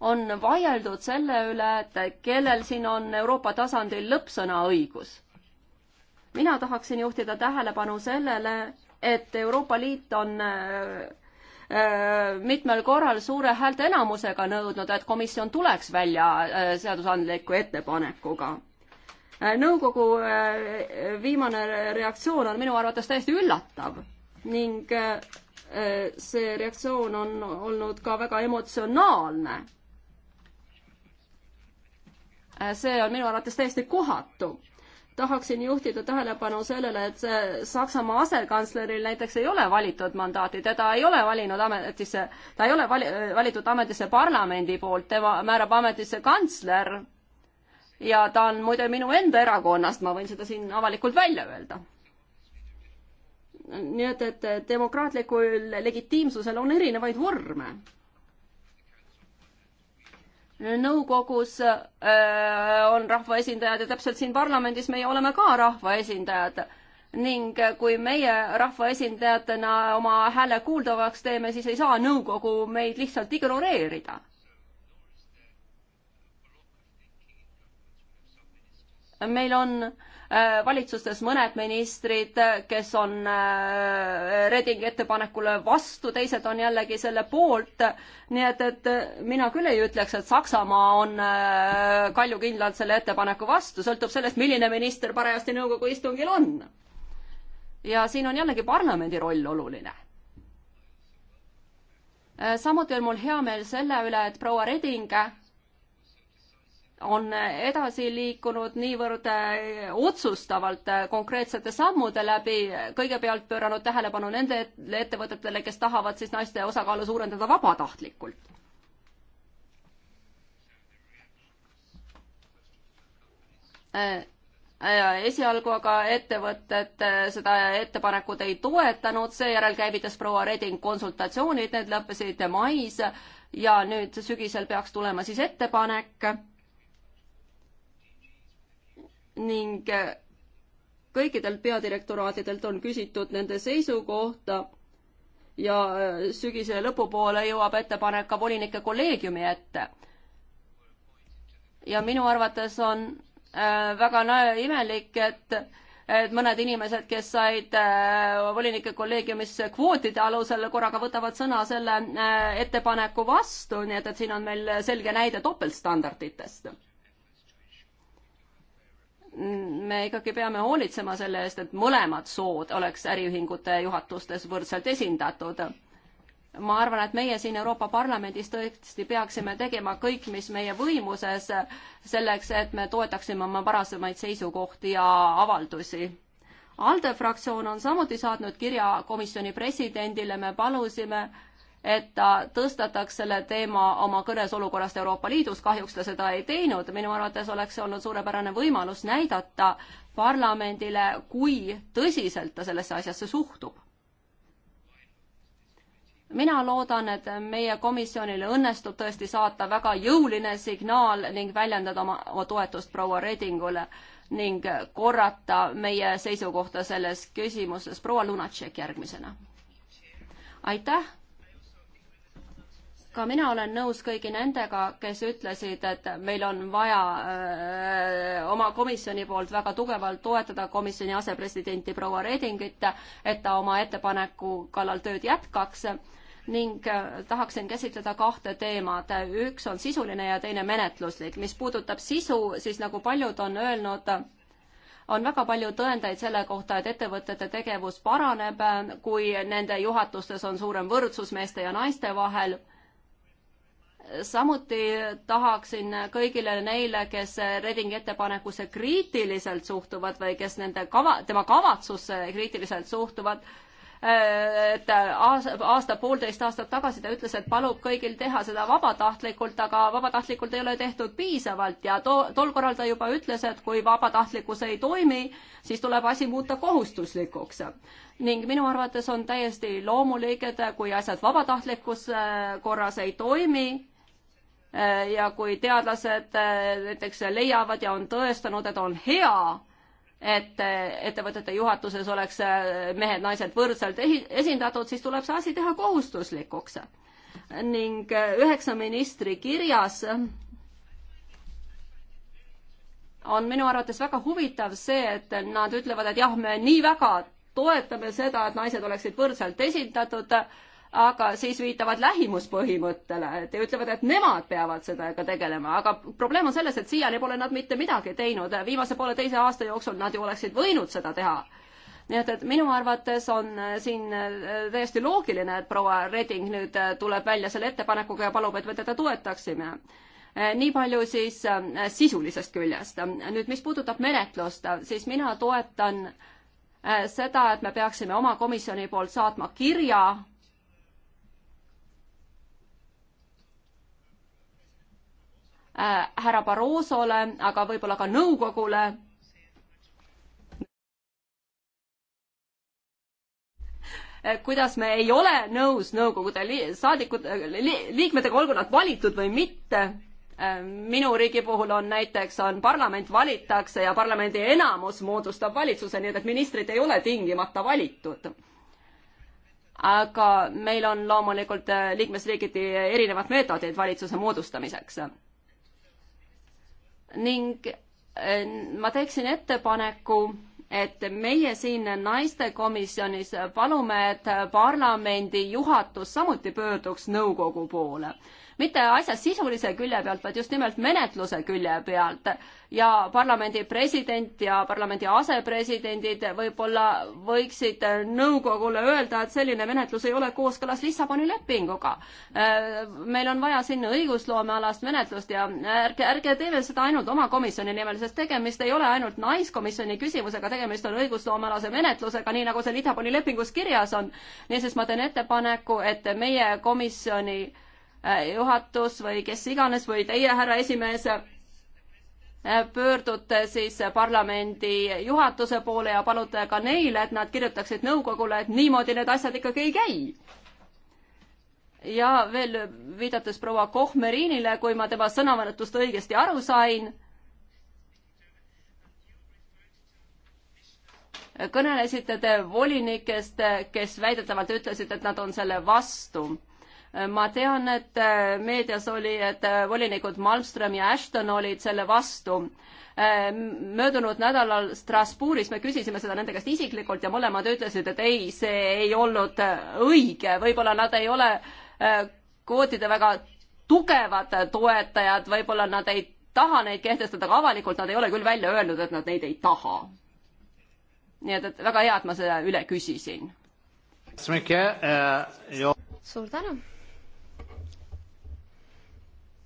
on vaieldud selle üle, et kellel siin on Euroopa tasandil lõppsõnaõigus. mina tahaksin juhtida tähelepanu sellele, et Euroopa Liit on äh, äh, mitmel korral suure häälteenamusega nõudnud, et komisjon tuleks välja äh, seadusandliku ettepanekuga Äh, nõukogu äh, viimane reaktsioon on minu arvates täiesti üllatav ning äh, see reaktsioon on olnud ka väga emotsionaalne. see on minu arvates täiesti kohatu. tahaksin juhtida tähelepanu sellele, et Saksamaa asekantsleril näiteks ei ole valitud mandaati, teda ei ole valinud ametisse, ta ei ole vali, valitud ametisse parlamendi poolt, tema määrab ametisse kantsler ja ta on muide minu enda erakonnast, ma võin seda siin avalikult välja öelda. nii et, et demokraatlikul legitiimsusel on erinevaid vorme. nõukogus öö, äh, on rahvaesindajad ja täpselt siin parlamendis meie oleme ka rahvaesindajad ning kui meie rahvaesindajatena oma hääle kuuldavaks teeme, siis ei saa nõukogu meid lihtsalt ignoreerida meil on äh, valitsustes mõned ministrid, äh, kes on äh, Redingi ettepanekule vastu, teised on jällegi selle poolt. nii et, et mina küll ei ütleks, et Saksamaa on kaljukindlalt selle ettepaneku vastu, sõltub sellest, milline minister parajasti nõukogu istungil on. ja siin on jällegi parlamendi roll oluline samuti on mul hea meel selle üle, et proua Reding on edasi liikunud niivõrd äh, otsustavalt äh, konkreetsete sammude läbi, kõigepealt pööranud tähelepanu nendele ettevõtetele, kes tahavad siis naiste osakaalu suurendada vabatahtlikult. Äh, esialgu aga ettevõtted seda ettepanekut ei toetanud, seejärel käivitas proua Reding konsultatsioonid, need lõppesid mais ja nüüd sügisel peaks tulema siis ettepanek ning eh, kõikidelt peadirektoraatidelt on küsitud nende seisukohta ja eh, sügise lõpupoole jõuab ettepanek ka volinike kolleegiumi ette. ja minu arvates on eh, väga imelik, et et mõned inimesed, kes said äh, volinike kolleegiumisse kvootide alusel, korraga võtavad sõna selle äh, ettepaneku vastu, nii et, et siin on meil selge näide topeltstandarditest me ikkagi peame hoolitsema selle eest, et mõlemad sood oleks äriühingute juhatustes võrdselt esindatud. ma arvan, et meie siin Euroopa Parlamendis tõesti peaksime tegema kõik, mis meie võimuses, selleks et me toetaksime oma varasemaid seisukohti ja avaldusi. ALDE fraktsioon on samuti saatnud kirja komisjoni presidendile, me palusime äh, et ta tõstataks selle teema oma kõnes olukorrast Euroopa Liidus, kahjuks ta seda ei teinud, minu arvates oleks see olnud suurepärane võimalus näidata parlamendile, kui tõsiselt ta sellesse asjasse suhtub. mina loodan, et meie komisjonile õnnestub tõesti saata väga jõuline signaal ning väljendada oma, oma toetust proua Redingule ning korrata meie seisukohta selles küsimuses. proua Lunatšek järgmisena. aitäh ka mina olen nõus kõigi nendega, kes ütlesid, et meil on vaja öö, äh, oma komisjoni poolt väga tugevalt toetada komisjoni asepresidenti proua Redingit, et ta oma ettepaneku kallal tööd jätkaks ning äh, tahaksin käsitleda kahte teemat. üks on sisuline ja teine menetluslik. mis puudutab sisu, siis nagu paljud on öelnud, on väga palju tõendeid selle kohta, et ettevõtete tegevus paraneb, kui nende juhatustes on suurem võrdsus meeste ja naiste vahel samuti tahaksin kõigile neile, kes Redingi ettepanekusse kriitiliselt suhtuvad või kes nende kava, tema kavatsusse kriitiliselt suhtuvad, et aasta, poolteist aastat tagasi ta ütles, et palub kõigil teha seda vabatahtlikult, aga vabatahtlikult ei ole tehtud piisavalt ja to, tol korral ta juba ütles, et kui vabatahtlikkus ei toimi, siis tuleb asi muuta kohustuslikuks. ning minu arvates on täiesti loomulik, et kui asjad vabatahtlikus äh, korras ei toimi, Äh, ja kui teadlased äh, näiteks leiavad ja on tõestanud, et on hea, et äh, ettevõtete juhatuses oleks mehed-naised võrdselt esindatud, siis tuleb see asi teha kohustuslikuks. ning üheksa ministri kirjas on minu arvates väga huvitav see, et nad ütlevad, et jah, me nii väga toetame seda, et naised oleksid võrdselt esindatud äh, aga siis viitavad lähimuspõhimõttele, ütlevad, et nemad peavad sellega tegelema, aga probleem on selles, et siiani pole nad mitte midagi teinud, viimase pooleteise aasta jooksul nad ju oleksid võinud seda teha. nii et, et minu arvates on äh, siin äh, täiesti loogiline, et proua Reding nüüd äh, tuleb välja selle ettepanekuga ja palub, et me teda toetaksime nii palju siis sisulisest küljest. nüüd, mis puudutab menetlust, siis mina toetan seda, et me peaksime oma komisjoni poolt saatma kirja Äh, härra Barrosole, aga võib-olla ka nõukogule. kuidas me ei ole nõus nõukogude li saadikud li, liikmetega, olgu nad valitud või mitte äh, minu riigi puhul on näiteks, on parlament valitakse ja parlamendi enamus moodustab valitsuse, nii et ministrid ei ole tingimata valitud. aga meil on loomulikult äh, liikmesriigiti erinevad meetodid valitsuse moodustamiseks ning äh, ma teeksin ettepaneku, et meie siin naistekomisjonis palume, et parlamendi juhatus samuti pöörduks nõukogu poole mitte asja sisulise külje pealt, vaid just nimelt menetluse külje pealt. ja parlamendi president ja parlamendi asepresidendid võib-olla võiksid nõukogule öelda, et selline menetlus ei ole kooskõlas Lissaboni lepinguga. Äh, meil on vaja sinna õigusloomealast menetlust ja ärge, ärge teeme seda ainult oma komisjoni nimel, sest tegemist ei ole ainult naiskomisjoni küsimusega, tegemist on õigusloomealase menetlusega, nii nagu see Lissaboni lepingus kirjas on. niisiis ma teen ettepaneku, et meie komisjoni Äh, juhatus või kes iganes või teie, härra esimees, äh, pöördute siis parlamendi juhatuse poole ja palute ka neile, et nad kirjutaksid nõukogule, et niimoodi need asjad ikkagi ei käi ja veel viidates proua Kohmeriinile, kui ma tema sõnavõtust õigesti aru sain, kõnelesite te volinikest, kes väidetavalt ütlesid, et nad on selle vastu ma tean, et äh, meedias oli, et äh, volinikud Malmström ja Ashton olid selle vastu. Äh, möödunud nädalal Strasbourgis me küsisime seda nende käest isiklikult ja mõlemad ütlesid, et ei, see ei olnud õige, võib-olla nad ei ole kvootide väga tugevad toetajad, võib-olla nad ei taha neid kehtestada, aga avalikult nad ei ole küll välja öelnud, et nad neid ei taha. nii et, et väga hea, et ma selle üle küsisin. suur tänu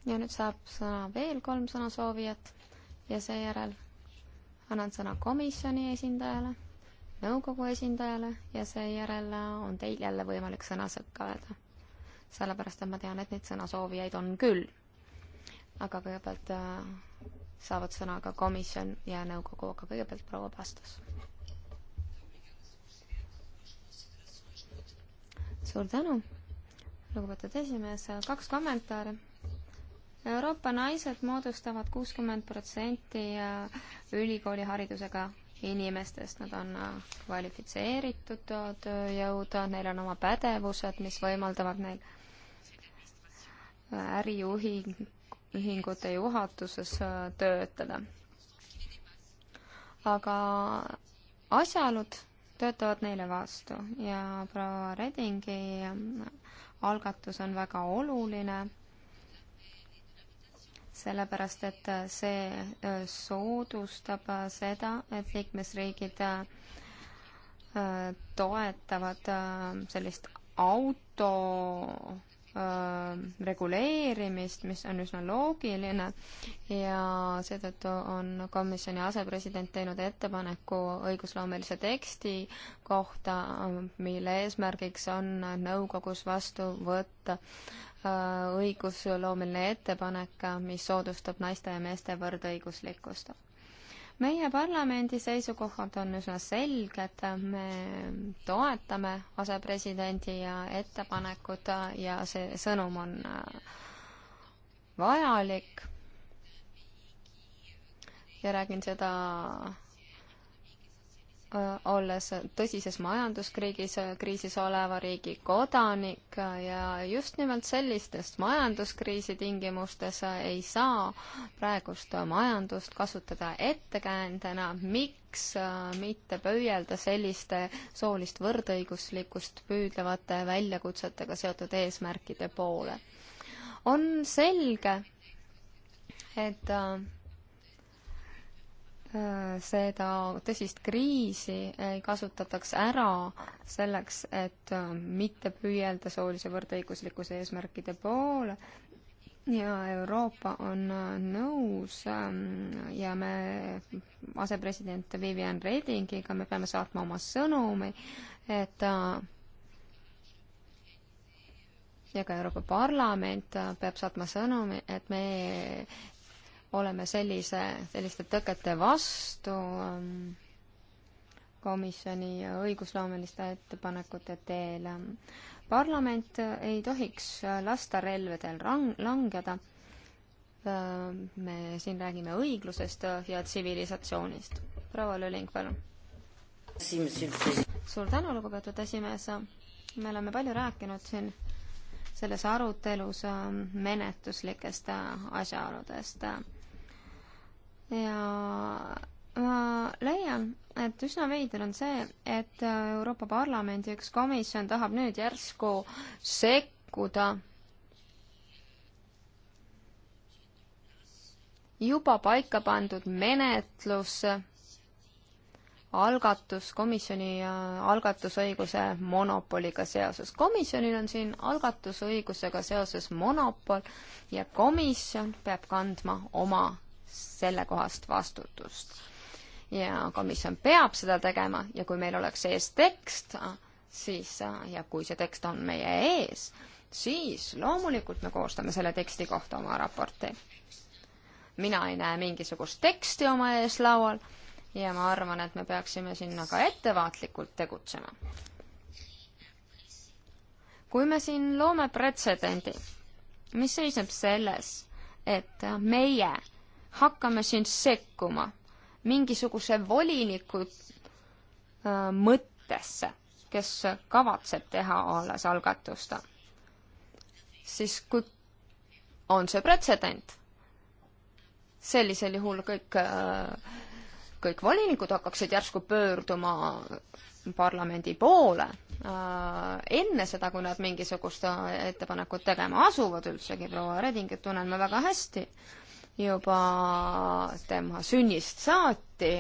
ja nüüd saab sõna veel kolm sõnasoovijat ja seejärel annan sõna komisjoni esindajale, nõukogu esindajale ja seejärel on teil jälle võimalik sõna sõkkaleda. sellepärast, et ma tean, et neid sõnasoovijaid on küll. aga kõigepealt äh, saavad sõna ka komisjon ja nõukogu, aga kõigepealt proua Pastus. suur tänu, lugupeetud esimees, kaks kommentaari Euroopa naised moodustavad kuuskümmend protsenti ülikooliharidusega inimestest, nad on äh, kvalifitseeritud äh, tööjõud, äh, neil on oma pädevused, mis võimaldavad neil äriühingute juhatuses töötada. aga asjaolud töötavad neile vastu ja proua Redingi algatus on väga oluline sellepärast et see äh, soodustab äh, seda, et liikmesriigid äh, toetavad sellist auto reguleerimist, mis on üsna loogiline ja seetõttu on komisjoni asepresident teinud ettepaneku õigusloomelise teksti kohta, mille eesmärgiks on nõukogus vastu võtta õigusloomeline ettepanek, mis soodustab naiste ja meeste võrdõiguslikkust meie parlamendi seisukohad on üsna selged, me toetame asepresidendi ettepanekut ja see sõnum on äh, vajalik ja räägin seda Äh, olles tõsises majanduskriigis, äh, kriisis oleva riigi kodanik äh, ja just nimelt sellistest majanduskriisi tingimustes ei saa praegust majandust kasutada ettekäändena, miks mitte pöielda selliste soolist võrdõiguslikkust püüdlevate väljakutsetega seotud eesmärkide poole. on selge, et seda tõsist kriisi ei kasutataks ära selleks, et äh, mitte püüelda soolise võrdõiguslikkuse eesmärkide poole ja Euroopa on äh, nõus ähm, ja me asepresident Vivian Redingiga, me peame saatma oma sõnumi, et äh, ja ka Euroopa Parlament peab saatma sõnumi, et me oleme sellise, selliste tõkete vastu ähm, komisjoni õigusloomeliste ettepanekute teel. parlament ei tohiks lasta relvedel rang-, langeda. Ähm, me siin räägime õiglusest ja tsivilisatsioonist. proua Lüling, palun. suur tänu, lugupeetud esimees. me oleme palju rääkinud siin selles arutelus ähm, menetluslikest asjaoludest ja ma leian, et üsna veider on see, et Euroopa Parlamendi üks komisjon tahab nüüd järsku sekkuda juba paika pandud menetlusse, algatus, komisjoni äh, algatusõiguse monopoliga seoses. komisjonil on siin algatusõigusega seoses monopol ja komisjon peab kandma oma sellekohast vastutust. ja komisjon peab seda tegema ja kui meil oleks ees tekst, äh, siis äh, ja kui see tekst on meie ees, siis loomulikult me koostame selle teksti kohta oma raporti. mina ei näe mingisugust teksti oma ees laual ja ma arvan, et me peaksime siin väga ettevaatlikult tegutsema. kui me siin loome pretsedendi, mis seisneb selles, et meie hakkame siin sekkuma mingisuguse voliniku äh, mõttesse, kes kavatseb teha alles algatust, siis kui on see pretsedent, sellisel juhul kõik, äh, kõik volinikud hakkaksid järsku pöörduma parlamendi poole äh, enne seda, kui nad mingisugust ettepanekut tegema asuvad üldsegi, proua Redingit tunnen ma väga hästi juba tema sünnist saati.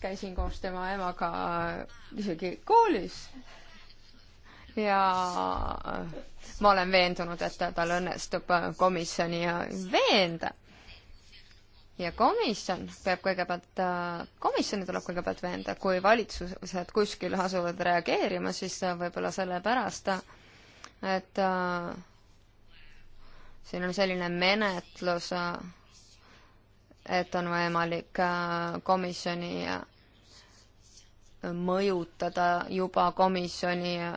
käisin koos tema emaga isegi koolis. ja ma olen veendunud, et tal õnnestub komisjoni veenda. ja komisjon peab kõigepealt, komisjoni tuleb kõigepealt veenda, kui valitsused kuskil asuvad reageerima, siis võib-olla sellepärast, et äh, siin on selline menetlus, et on võimalik äh, komisjoni äh, mõjutada juba komisjoni äh,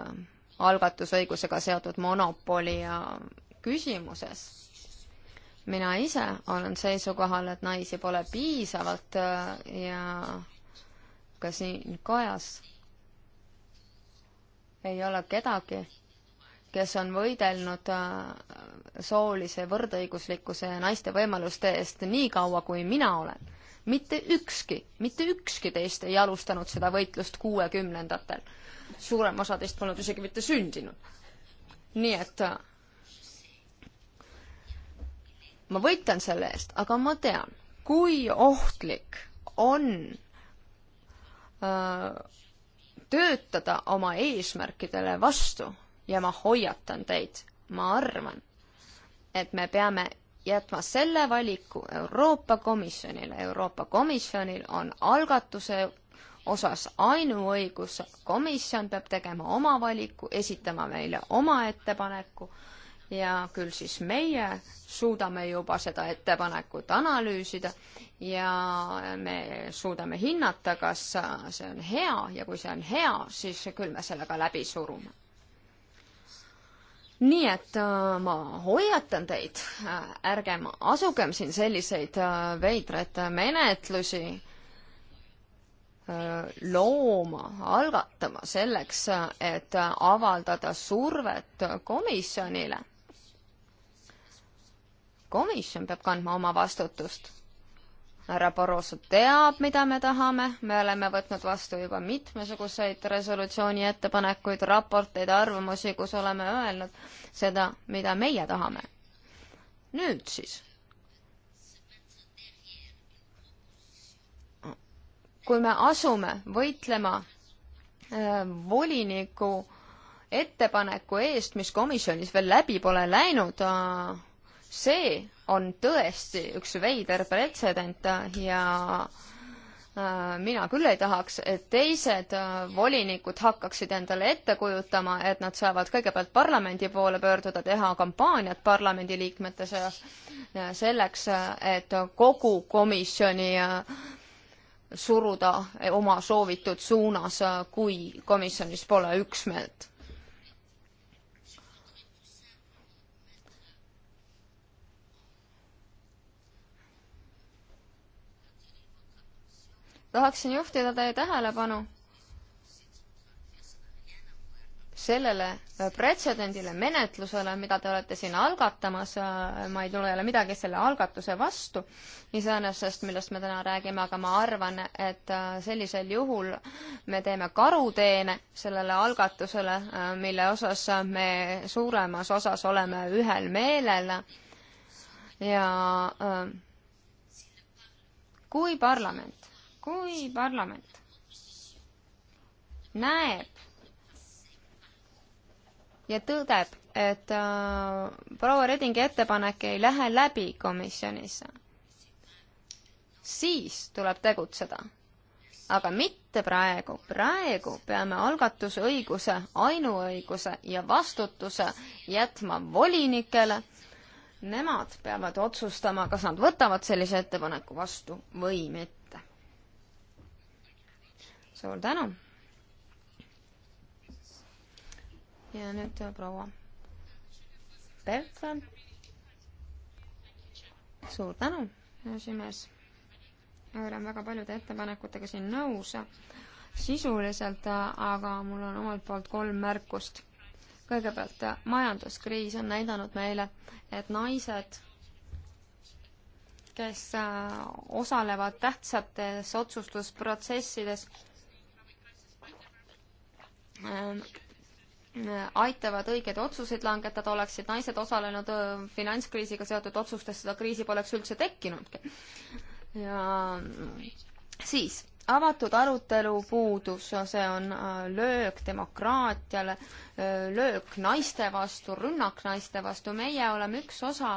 algatusõigusega seotud monopoli küsimuses. mina ise olen seisukohal, et naisi pole piisavalt ja ka siin kojas ei ole kedagi kes on võidelnud äh, soolise võrdõiguslikkuse ja naiste võimaluste eest nii kaua, kui mina olen. mitte ükski, mitte ükski teist ei alustanud seda võitlust kuuekümnendatel. suurem osa teist polnud isegi mitte sündinud. nii et äh, ma võitlen selle eest, aga ma tean, kui ohtlik on öö, äh, töötada oma eesmärkidele vastu ja ma hoiatan teid, ma arvan, et me peame jätma selle valiku Euroopa Komisjonile. Euroopa Komisjonil on algatuse osas ainuõigus, komisjon peab tegema oma valiku, esitama meile oma ettepaneku ja küll siis meie suudame juba seda ettepanekut analüüsida ja me suudame hinnata, kas see on hea ja kui see on hea, siis küll me selle ka läbi surume nii et äh, ma hoiatan teid, äh, ärgem asugem siin selliseid äh, veidraid menetlusi looma, algatama selleks, et avaldada survet komisjonile. komisjon peab kandma oma vastutust härra Barroso teab, mida me tahame, me oleme võtnud vastu juba mitmesuguseid resolutsiooni ettepanekuid, raporteid, arvamusi, kus oleme öelnud seda, mida meie tahame. nüüd siis. kui me asume võitlema äh, voliniku ettepaneku eest, mis komisjonis veel läbi pole läinud, äh, see on tõesti üks veider pretsedent ja äh, mina küll ei tahaks, et teised äh, volinikud hakkaksid endale ette kujutama, et nad saavad kõigepealt parlamendi poole pöörduda, teha kampaaniat parlamendiliikmete seas äh, selleks, et kogu komisjoni suruda oma soovitud suunas, kui komisjonis pole üksmeelt. tahaksin juhtida teie tähelepanu sellele äh, pretsedendile, menetlusele, mida te olete siin algatamas, äh, ma ei tule jälle midagi selle algatuse vastu iseenesest, millest me täna räägime, aga ma arvan, et äh, sellisel juhul me teeme karuteene sellele algatusele, mille osas me suuremas osas oleme ühel meelel ja kui parlament kui parlament näeb ja tõdeb, et äh, proua Redingi ettepanek ei lähe läbi komisjonis, siis tuleb tegutseda. aga mitte praegu, praegu peame algatusõiguse, ainuõiguse ja vastutuse jätma volinikele. Nemad peavad otsustama, kas nad võtavad sellise ettepaneku vastu või mitte suur tänu. ja nüüd äh, proua Bertram. suur tänu, esimees. ma olen väga paljude ettepanekutega siin nõus sisuliselt, äh, aga mul on omalt poolt kolm märkust. kõigepealt, äh, majanduskriis on näidanud meile, et naised kes osalevad tähtsates otsustusprotsessides Ehm, aitavad õigeid otsuseid langetada, oleksid naised osalenud ehm, finantskriisiga seotud otsustes, seda kriisi poleks üldse tekkinudki. ja mm, siis avatud arutelu puudus, see on äh, löök demokraatiale, ehm, löök naiste vastu, rünnak naiste vastu, meie oleme üks osa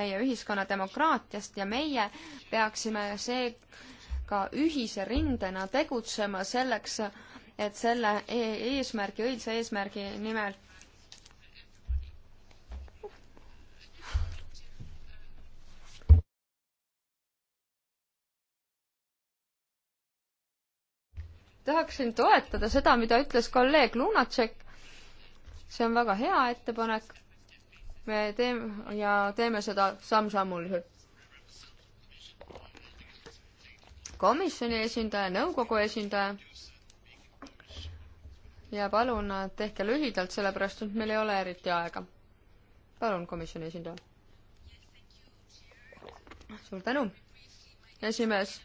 meie ühiskonna demokraatiast ja meie peaksime seega ühise rindena tegutsema selleks, et selle e-, eesmärgi, õilsa eesmärgi nimel tahaksin toetada seda, mida ütles kolleeg Lunatšek. see on väga hea ettepanek. me teeme ja teeme seda samm-sammuliselt. komisjoni esindaja, nõukogu esindaja ja palun äh, tehke lühidalt, sellepärast et meil ei ole eriti aega. palun, komisjoni esindaja. suur tänu, esimees.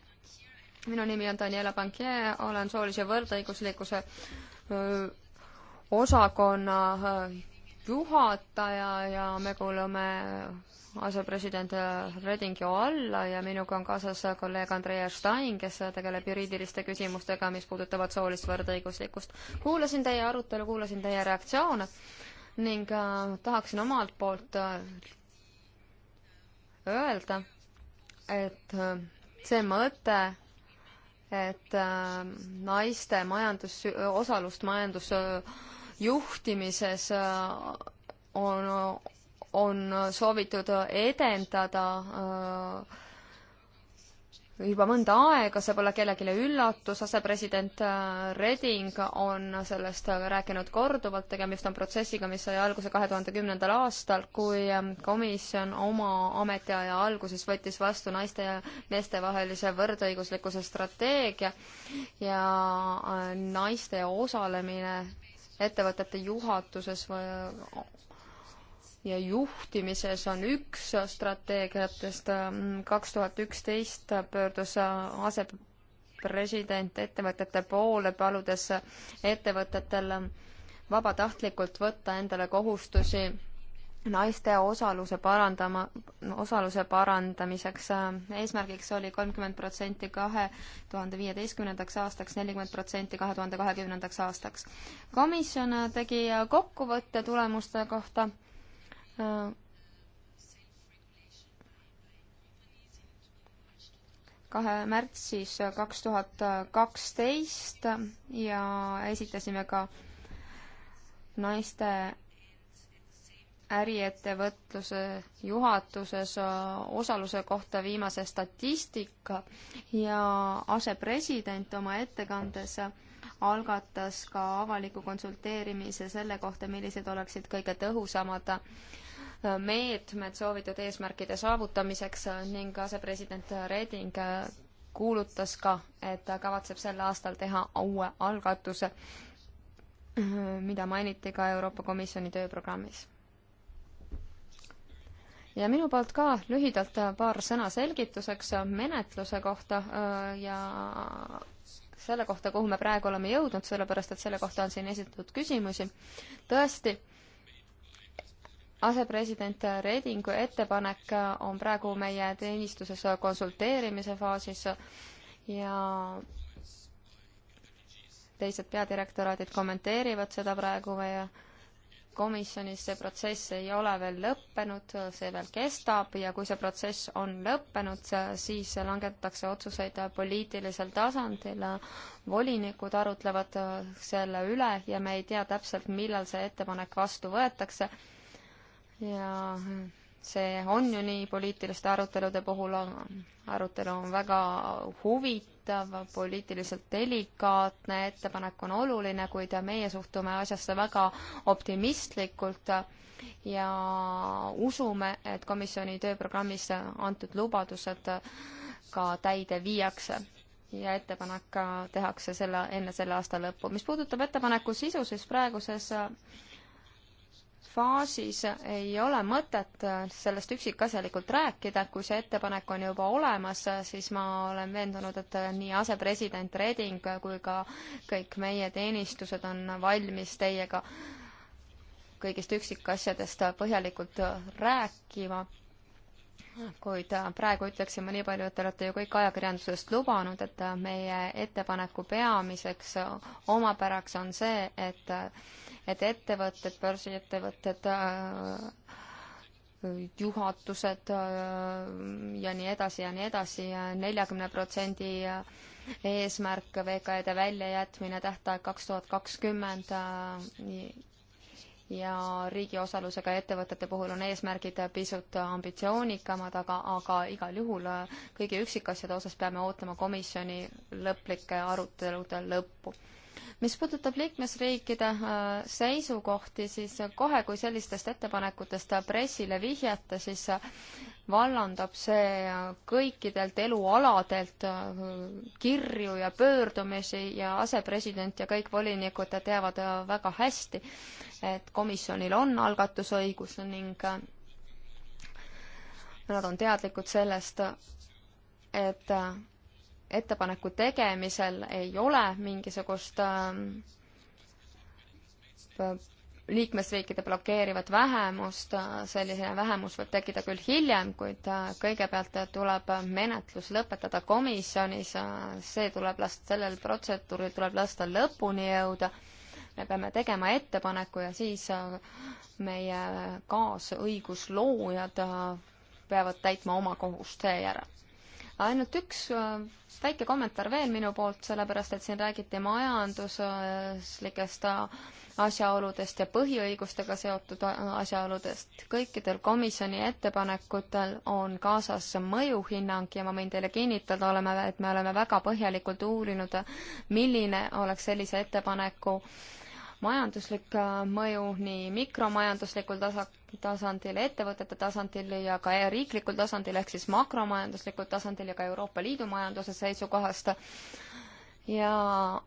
minu nimi on Daniela Bankier, olen soolise võrdõiguslikkuse osakonna juhataja ja me kuulume asepresident Redingi alla ja minuga on kaasas kolleeg Andrea Stein, kes tegeleb juriidiliste küsimustega, mis puudutavad soolist võrdõiguslikkust. kuulasin teie arutelu, kuulasin teie reaktsioone ning äh, tahaksin omalt poolt äh, öelda, et äh, see mõte, et äh, naiste majandus, osalust majandus öö, juhtimises äh, on, on soovitud edendada äh, juba mõnda aega, see pole kellelegi üllatus, asepresident äh, Reding on sellest rääkinud korduvalt, tegemist on protsessiga, mis sai alguse kahe tuhande kümnendal aastal, kui ähm, komisjon oma ametiaja alguses võttis vastu naiste ja meeste vahelise võrdõiguslikkuse strateegia ja naiste osalemine ettevõtete juhatuses või ja juhtimises on üks strateegiatest. kaks tuhat üksteist pöördus asepresident ettevõtete poole, paludes ettevõtetel vabatahtlikult võtta endale kohustusi naiste osaluse parandama, osaluse parandamiseks. Äh, eesmärgiks oli kolmkümmend protsenti kahe tuhande viieteistkümnendaks aastaks, nelikümmend protsenti kahe tuhande kahekümnendaks aastaks. komisjon äh, tegi äh, kokkuvõtte tulemuste kohta. kahe märtsis kaks tuhat kaksteist ja esitasime ka naiste äriettevõtluse juhatuses äh, osaluse kohta viimase statistika ja asepresident oma ettekandes algatas ka avaliku konsulteerimise selle kohta, millised oleksid kõige tõhusamad äh, meetmed soovitud eesmärkide saavutamiseks äh, ning asepresident Reding kuulutas ka, et ta kavatseb sel aastal teha uue algatuse, mida mainiti ka Euroopa Komisjoni tööprogrammis ja minu poolt ka lühidalt paar sõna selgituseks menetluse kohta äh, ja selle kohta, kuhu me praegu oleme jõudnud, sellepärast et selle kohta on siin esitatud küsimusi. tõesti, asepresident Redingu ettepanek on praegu meie teenistuses konsulteerimise faasis ja teised peadirektoraadid kommenteerivad seda praegu meie komisjonis see protsess ei ole veel lõppenud, see veel kestab ja kui see protsess on lõppenud, siis langetatakse otsuseid poliitilisel tasandil, volinikud arutlevad selle üle ja me ei tea täpselt, millal see ettepanek vastu võetakse. ja see on ju nii poliitiliste arutelude puhul, arutelu on väga huvitav huvitav, poliitiliselt delikaatne ettepanek on oluline, kuid meie suhtume asjasse väga optimistlikult ja usume, et komisjoni tööprogrammis antud lubadused ka täide viiakse ja ettepanek tehakse selle, enne selle aasta lõppu. mis puudutab ettepaneku sisu, siis praeguses faasis ei ole mõtet äh, sellest üksikasjalikult rääkida, kui see ettepanek on juba olemas, äh, siis ma olen veendunud, et äh, nii asepresident Reding kui ka kõik meie teenistused on valmis teiega kõigist üksikasjadest põhjalikult rääkima. kuid praegu ütleksin ma nii palju, et te olete ju kõik ajakirjandusest lubanud, et meie ettepaneku peamiseks omapäraks on see, et et ettevõtted, börsiettevõtted, äh, juhatused äh, ja nii edasi ja nii edasi, neljakümne protsendi äh, eesmärk, VKE-de väljajätmine, tähtaeg kaks tuhat kakskümmend ja riigi osalusega ettevõtete puhul on eesmärgid pisut ambitsioonikamad, aga, aga igal juhul kõigi üksikasjade osas peame ootama komisjoni lõplike arutelude lõppu mis puudutab liikmesriikide äh, seisukohti, siis kohe, kui sellistest ettepanekutest pressile vihjata, siis äh, vallandab see äh, kõikidelt elualadelt kirju ja pöördumisi ja asepresident ja kõik volinikud teavad väga hästi, et komisjonil on algatusõigus ning nad on teadlikud sellest, et ettepaneku tegemisel ei ole mingisugust ähm, liikmesriikide blokeerivat vähemust, selline vähemus võib tekkida küll hiljem, kuid äh, kõigepealt tuleb menetlus lõpetada komisjonis, see tuleb lasta, sellel protseduuril tuleb lasta lõpuni jõuda, me peame tegema ettepaneku ja siis äh, meie kaasõigusloojad äh, peavad täitma oma kohust seejärel ainult üks äh, väike kommentaar veel minu poolt, sellepärast et siin räägiti majanduslikest äh, asjaoludest ja põhiõigustega seotud äh, asjaoludest. kõikidel komisjoni ettepanekutel on kaasas mõjuhinnang ja ma võin teile kinnitada, oleme, et me oleme väga põhjalikult uurinud, milline oleks sellise ettepaneku majanduslik mõju nii mikromajanduslikul tasa-, tasandil, ettevõtete tasandil ja ka riiklikul tasandil ehk siis makromajanduslikul tasandil ja ka Euroopa Liidu majanduse seisukohast. ja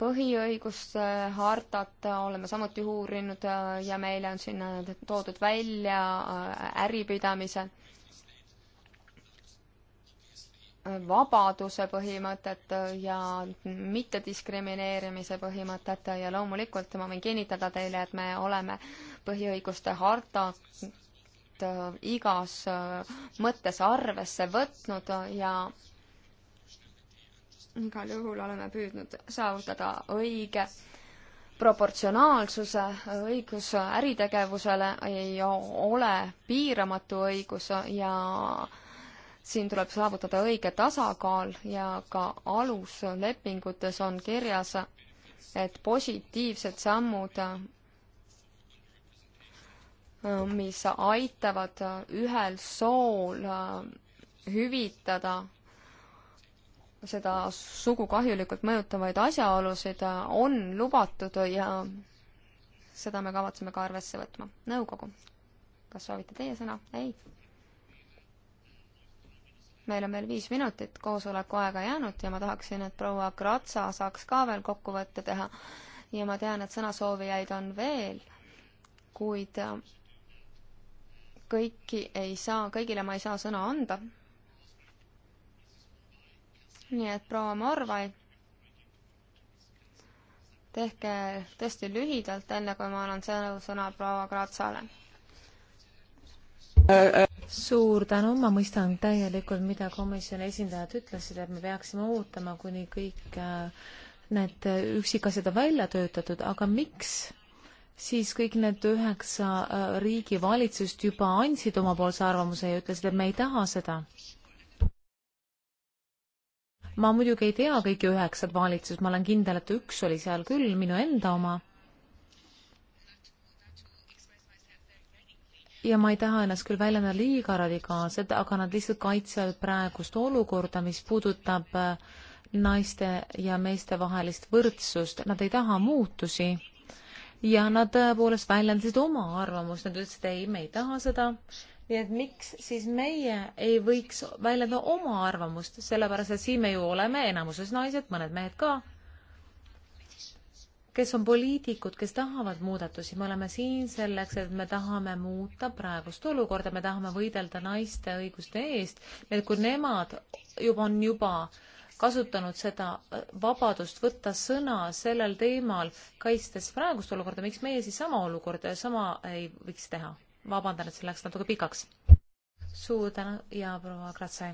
põhiõiguste hartat oleme samuti uurinud ja meile on siin toodud välja äripidamise vabaduse põhimõtet ja mittediskrimineerimise põhimõtet ja loomulikult ma võin kinnitada teile, et me oleme põhiõiguste hartat äh, igas äh, mõttes arvesse võtnud ja igal juhul oleme püüdnud saavutada õige proportsionaalsuse õigus äritegevusele ei ole piiramatu õigus ja siin tuleb saavutada õige tasakaal ja ka aluslepingutes on kirjas, et positiivsed sammud, mis aitavad ühel sool hüvitada seda sugu kahjulikult mõjutavaid asjaolusid, on lubatud ja seda me kavatseme ka arvesse võtma. nõukogu, kas soovite teie sõna? ei meil on veel viis minutit koosoleku aega jäänud ja ma tahaksin, et proua Kratsa saaks ka veel kokkuvõtte teha. ja ma tean, et sõnasoovijaid on veel, kuid äh, kõiki ei saa, kõigile ma ei saa sõna anda. nii et proua Morvai, tehke tõesti lühidalt, enne kui ma annan sõnu, sõna proua Kratsale äh, äh suur tänu, ma mõistan täielikult, mida komisjoni esindajad ütlesid, et me peaksime ootama, kuni kõik äh, need üksikasjad on välja töötatud, aga miks siis kõik need üheksa äh, riigivalitsust juba andsid omapoolse arvamuse ja ütlesid, et me ei taha seda? ma muidugi ei tea kõiki üheksat valitsust, ma olen kindel, et üks oli seal küll minu enda oma ja ma ei taha ennast küll välja näha liiga radikaalselt, aga nad lihtsalt kaitsevad praegust olukorda, mis puudutab äh, naiste ja meeste vahelist võrdsust, nad ei taha muutusi ja nad tõepoolest väljendasid oma arvamust, nad ütlesid ei, me ei taha seda, nii et miks siis meie ei võiks väljendada oma arvamust, sellepärast et siin me ju oleme enamuses naised, mõned mehed ka kes on poliitikud, kes tahavad muudatusi, me oleme siin selleks, et me tahame muuta praegust olukorda, me tahame võidelda naiste õiguste eest, et kui nemad juba on juba kasutanud seda äh, vabadust võtta sõna sellel teemal, kaitstes praegust olukorda, miks meie siis sama olukorda ja sama ei võiks teha? vabandan, et see läks natuke pikaks. suur tänu ja proua Kratse.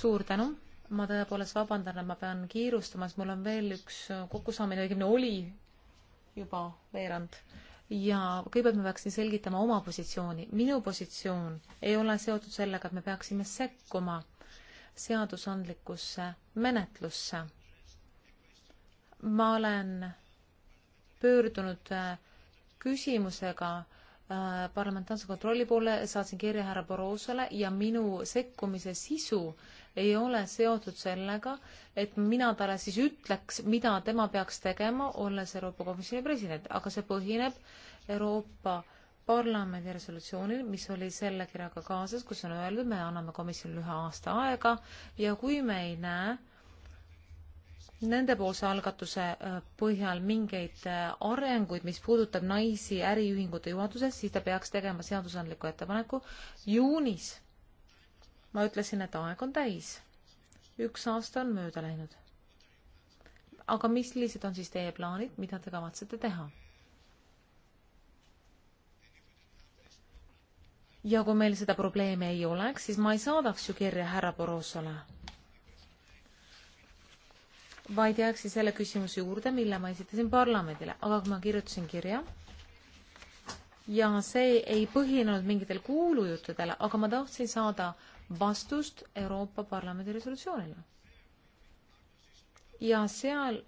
suur tänu ma tõepoolest vabandan, et ma pean kiirustama, sest mul on veel üks kokkusaamine, õigemini oli juba veerand. ja kõigepealt ma peaksin selgitama oma positsiooni. minu positsioon ei ole seotud sellega, et me peaksime sekkuma seadusandlikusse menetlusse. ma olen pöördunud äh, küsimusega äh, parlamentaarse kontrolli poole, saatsin kirja härra Borosole ja minu sekkumise sisu äh, ei ole seotud sellega, et mina talle siis ütleks, mida tema peaks tegema, olles Euroopa Komisjoni president, aga see põhineb Euroopa Parlamendi resolutsioonil, mis oli selle kirjaga kaasas, kus on öeldud, me anname komisjonile ühe aasta aega ja kui me ei näe nendepoolse algatuse äh, põhjal mingeid äh, arenguid, mis puudutab naisi äriühingute juhatuses, siis ta peaks tegema seadusandliku ettepaneku juunis ma ütlesin, et aeg on täis. üks aasta on mööda läinud. aga millised on siis teie plaanid, mida te kavatsete teha? ja kui meil seda probleemi ei oleks, siis ma ei saadaks ju kirja härra Borossole. vaid jääksin selle küsimuse juurde, mille ma esitasin parlamendile, aga kui ma kirjutasin kirja, ja see ei põhinenud mingitel kuulujuttudel, aga ma tahtsin saada vastust Euroopa Parlamendi resolutsioonile. ja seal,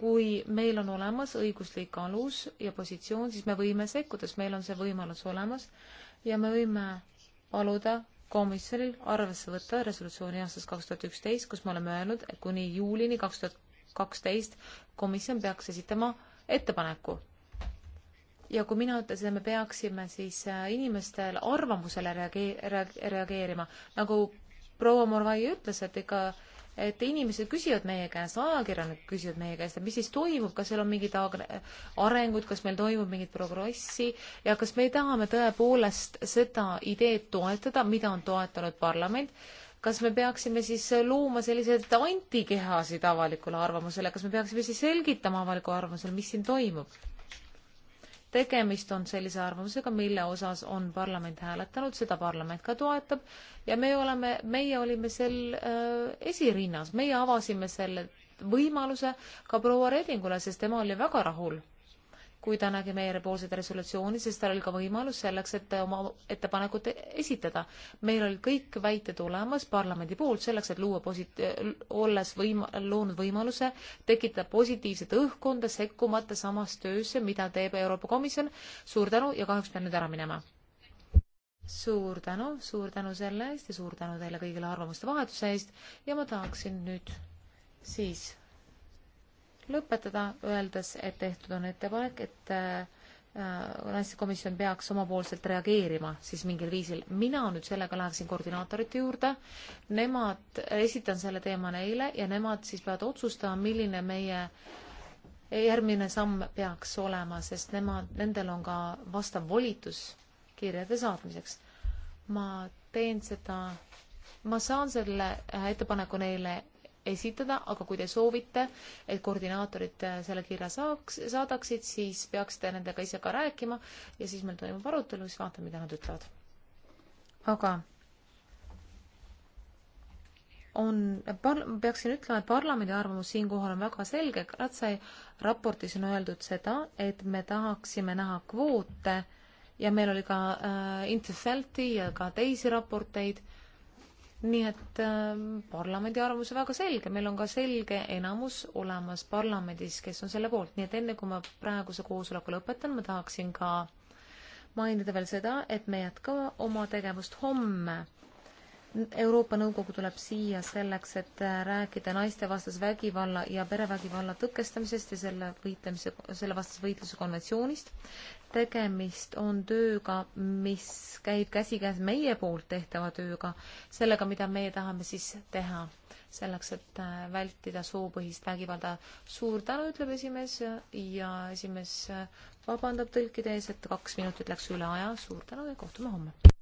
kui meil on olemas õiguslik alus ja positsioon, siis me võime sekkuda, sest meil on see võimalus olemas ja me võime paluda komisjonil arvesse võtta resolutsiooni aastast kaks tuhat üksteist, kus me oleme öelnud, et kuni juulini kaks tuhat kaksteist komisjon peaks esitama ettepaneku ja kui mina ütlen seda, me peaksime siis äh, inimestel arvamusele reagee-, reageerima, nagu proua Morvai ütles, et ikka et inimesed küsivad meie käest, ajakirjanikud küsivad meie käest, et mis siis toimub, kas seal on mingid arengud, kas meil toimub mingit progressi ja kas me tahame tõepoolest seda ideed toetada, mida on toetanud parlament, kas me peaksime siis looma selliseid antikehasid avalikule arvamusele, kas me peaksime siis selgitama avalikule arvamusele, mis siin toimub? tegemist on sellise arvamusega, mille osas on parlament hääletanud, seda parlament ka toetab ja me oleme, meie olime sel äh, esirinnas, meie avasime selle võimaluse ka proua Redingule, sest tema oli väga rahul kui ta nägi meiepoolset resolutsiooni, siis tal oli ka võimalus selleks, et oma ettepanekut esitada. meil olid kõik väited olemas parlamendi poolt selleks, et luua posit-, olles võim-, loonud võimaluse tekitada positiivset õhkkonda, sekkumata samas töösse, mida teeb Euroopa Komisjon. suur tänu ja kahjuks pean nüüd ära minema. suur tänu, suur tänu selle eest ja suur tänu teile kõigile arvamuste vahetuse eest ja ma tahaksin nüüd siis lõpetada, öeldes, et tehtud on ettepanek, et naistekomisjon äh, äh peaks omapoolselt reageerima siis mingil viisil. mina nüüd sellega läheksin koordinaatorite juurde, nemad, esitan selle teema neile ja nemad siis peavad otsustama, milline meie järgmine samm peaks olema, sest nemad, nendel on ka vastav volitus kirjade saatmiseks. ma teen seda, ma saan selle ettepaneku neile esitada, aga kui te soovite, et koordinaatorid äh, selle kirja saaks, saadaksid, siis peaksite nendega ise ka rääkima ja siis meil toimub arutelu, siis vaatame, mida nad ütlevad. aga on, par-, peaksin ütlema, et parlamendi arvamus siinkohal on väga selge, Kratsai raportis on öeldud seda, et me tahaksime näha kvoote ja meil oli ka äh, Interfelti ja ka teisi raporteid äh, nii et äh, parlamendi arvamus on väga selge, meil on ka selge enamus olemas parlamendis, kes on selle poolt, nii et enne kui ma praeguse koosoleku lõpetan, ma tahaksin ka mainida veel seda, et me jätkame oma tegevust homme Euroopa Nõukogu tuleb siia selleks, et rääkida naistevastase vägivalla ja perevägivalla tõkestamisest ja selle võitlemise, selle vastase võitluse konventsioonist. tegemist on tööga, mis käib käsikäes meie poolt tehtava tööga, sellega, mida meie tahame siis teha, selleks, et vältida soopõhist vägivalda. suur tänu, ütleb esimees ja esimees vabandab tõlkide ees, et kaks minutit läks üle aja. suur tänu ja kohtume homme.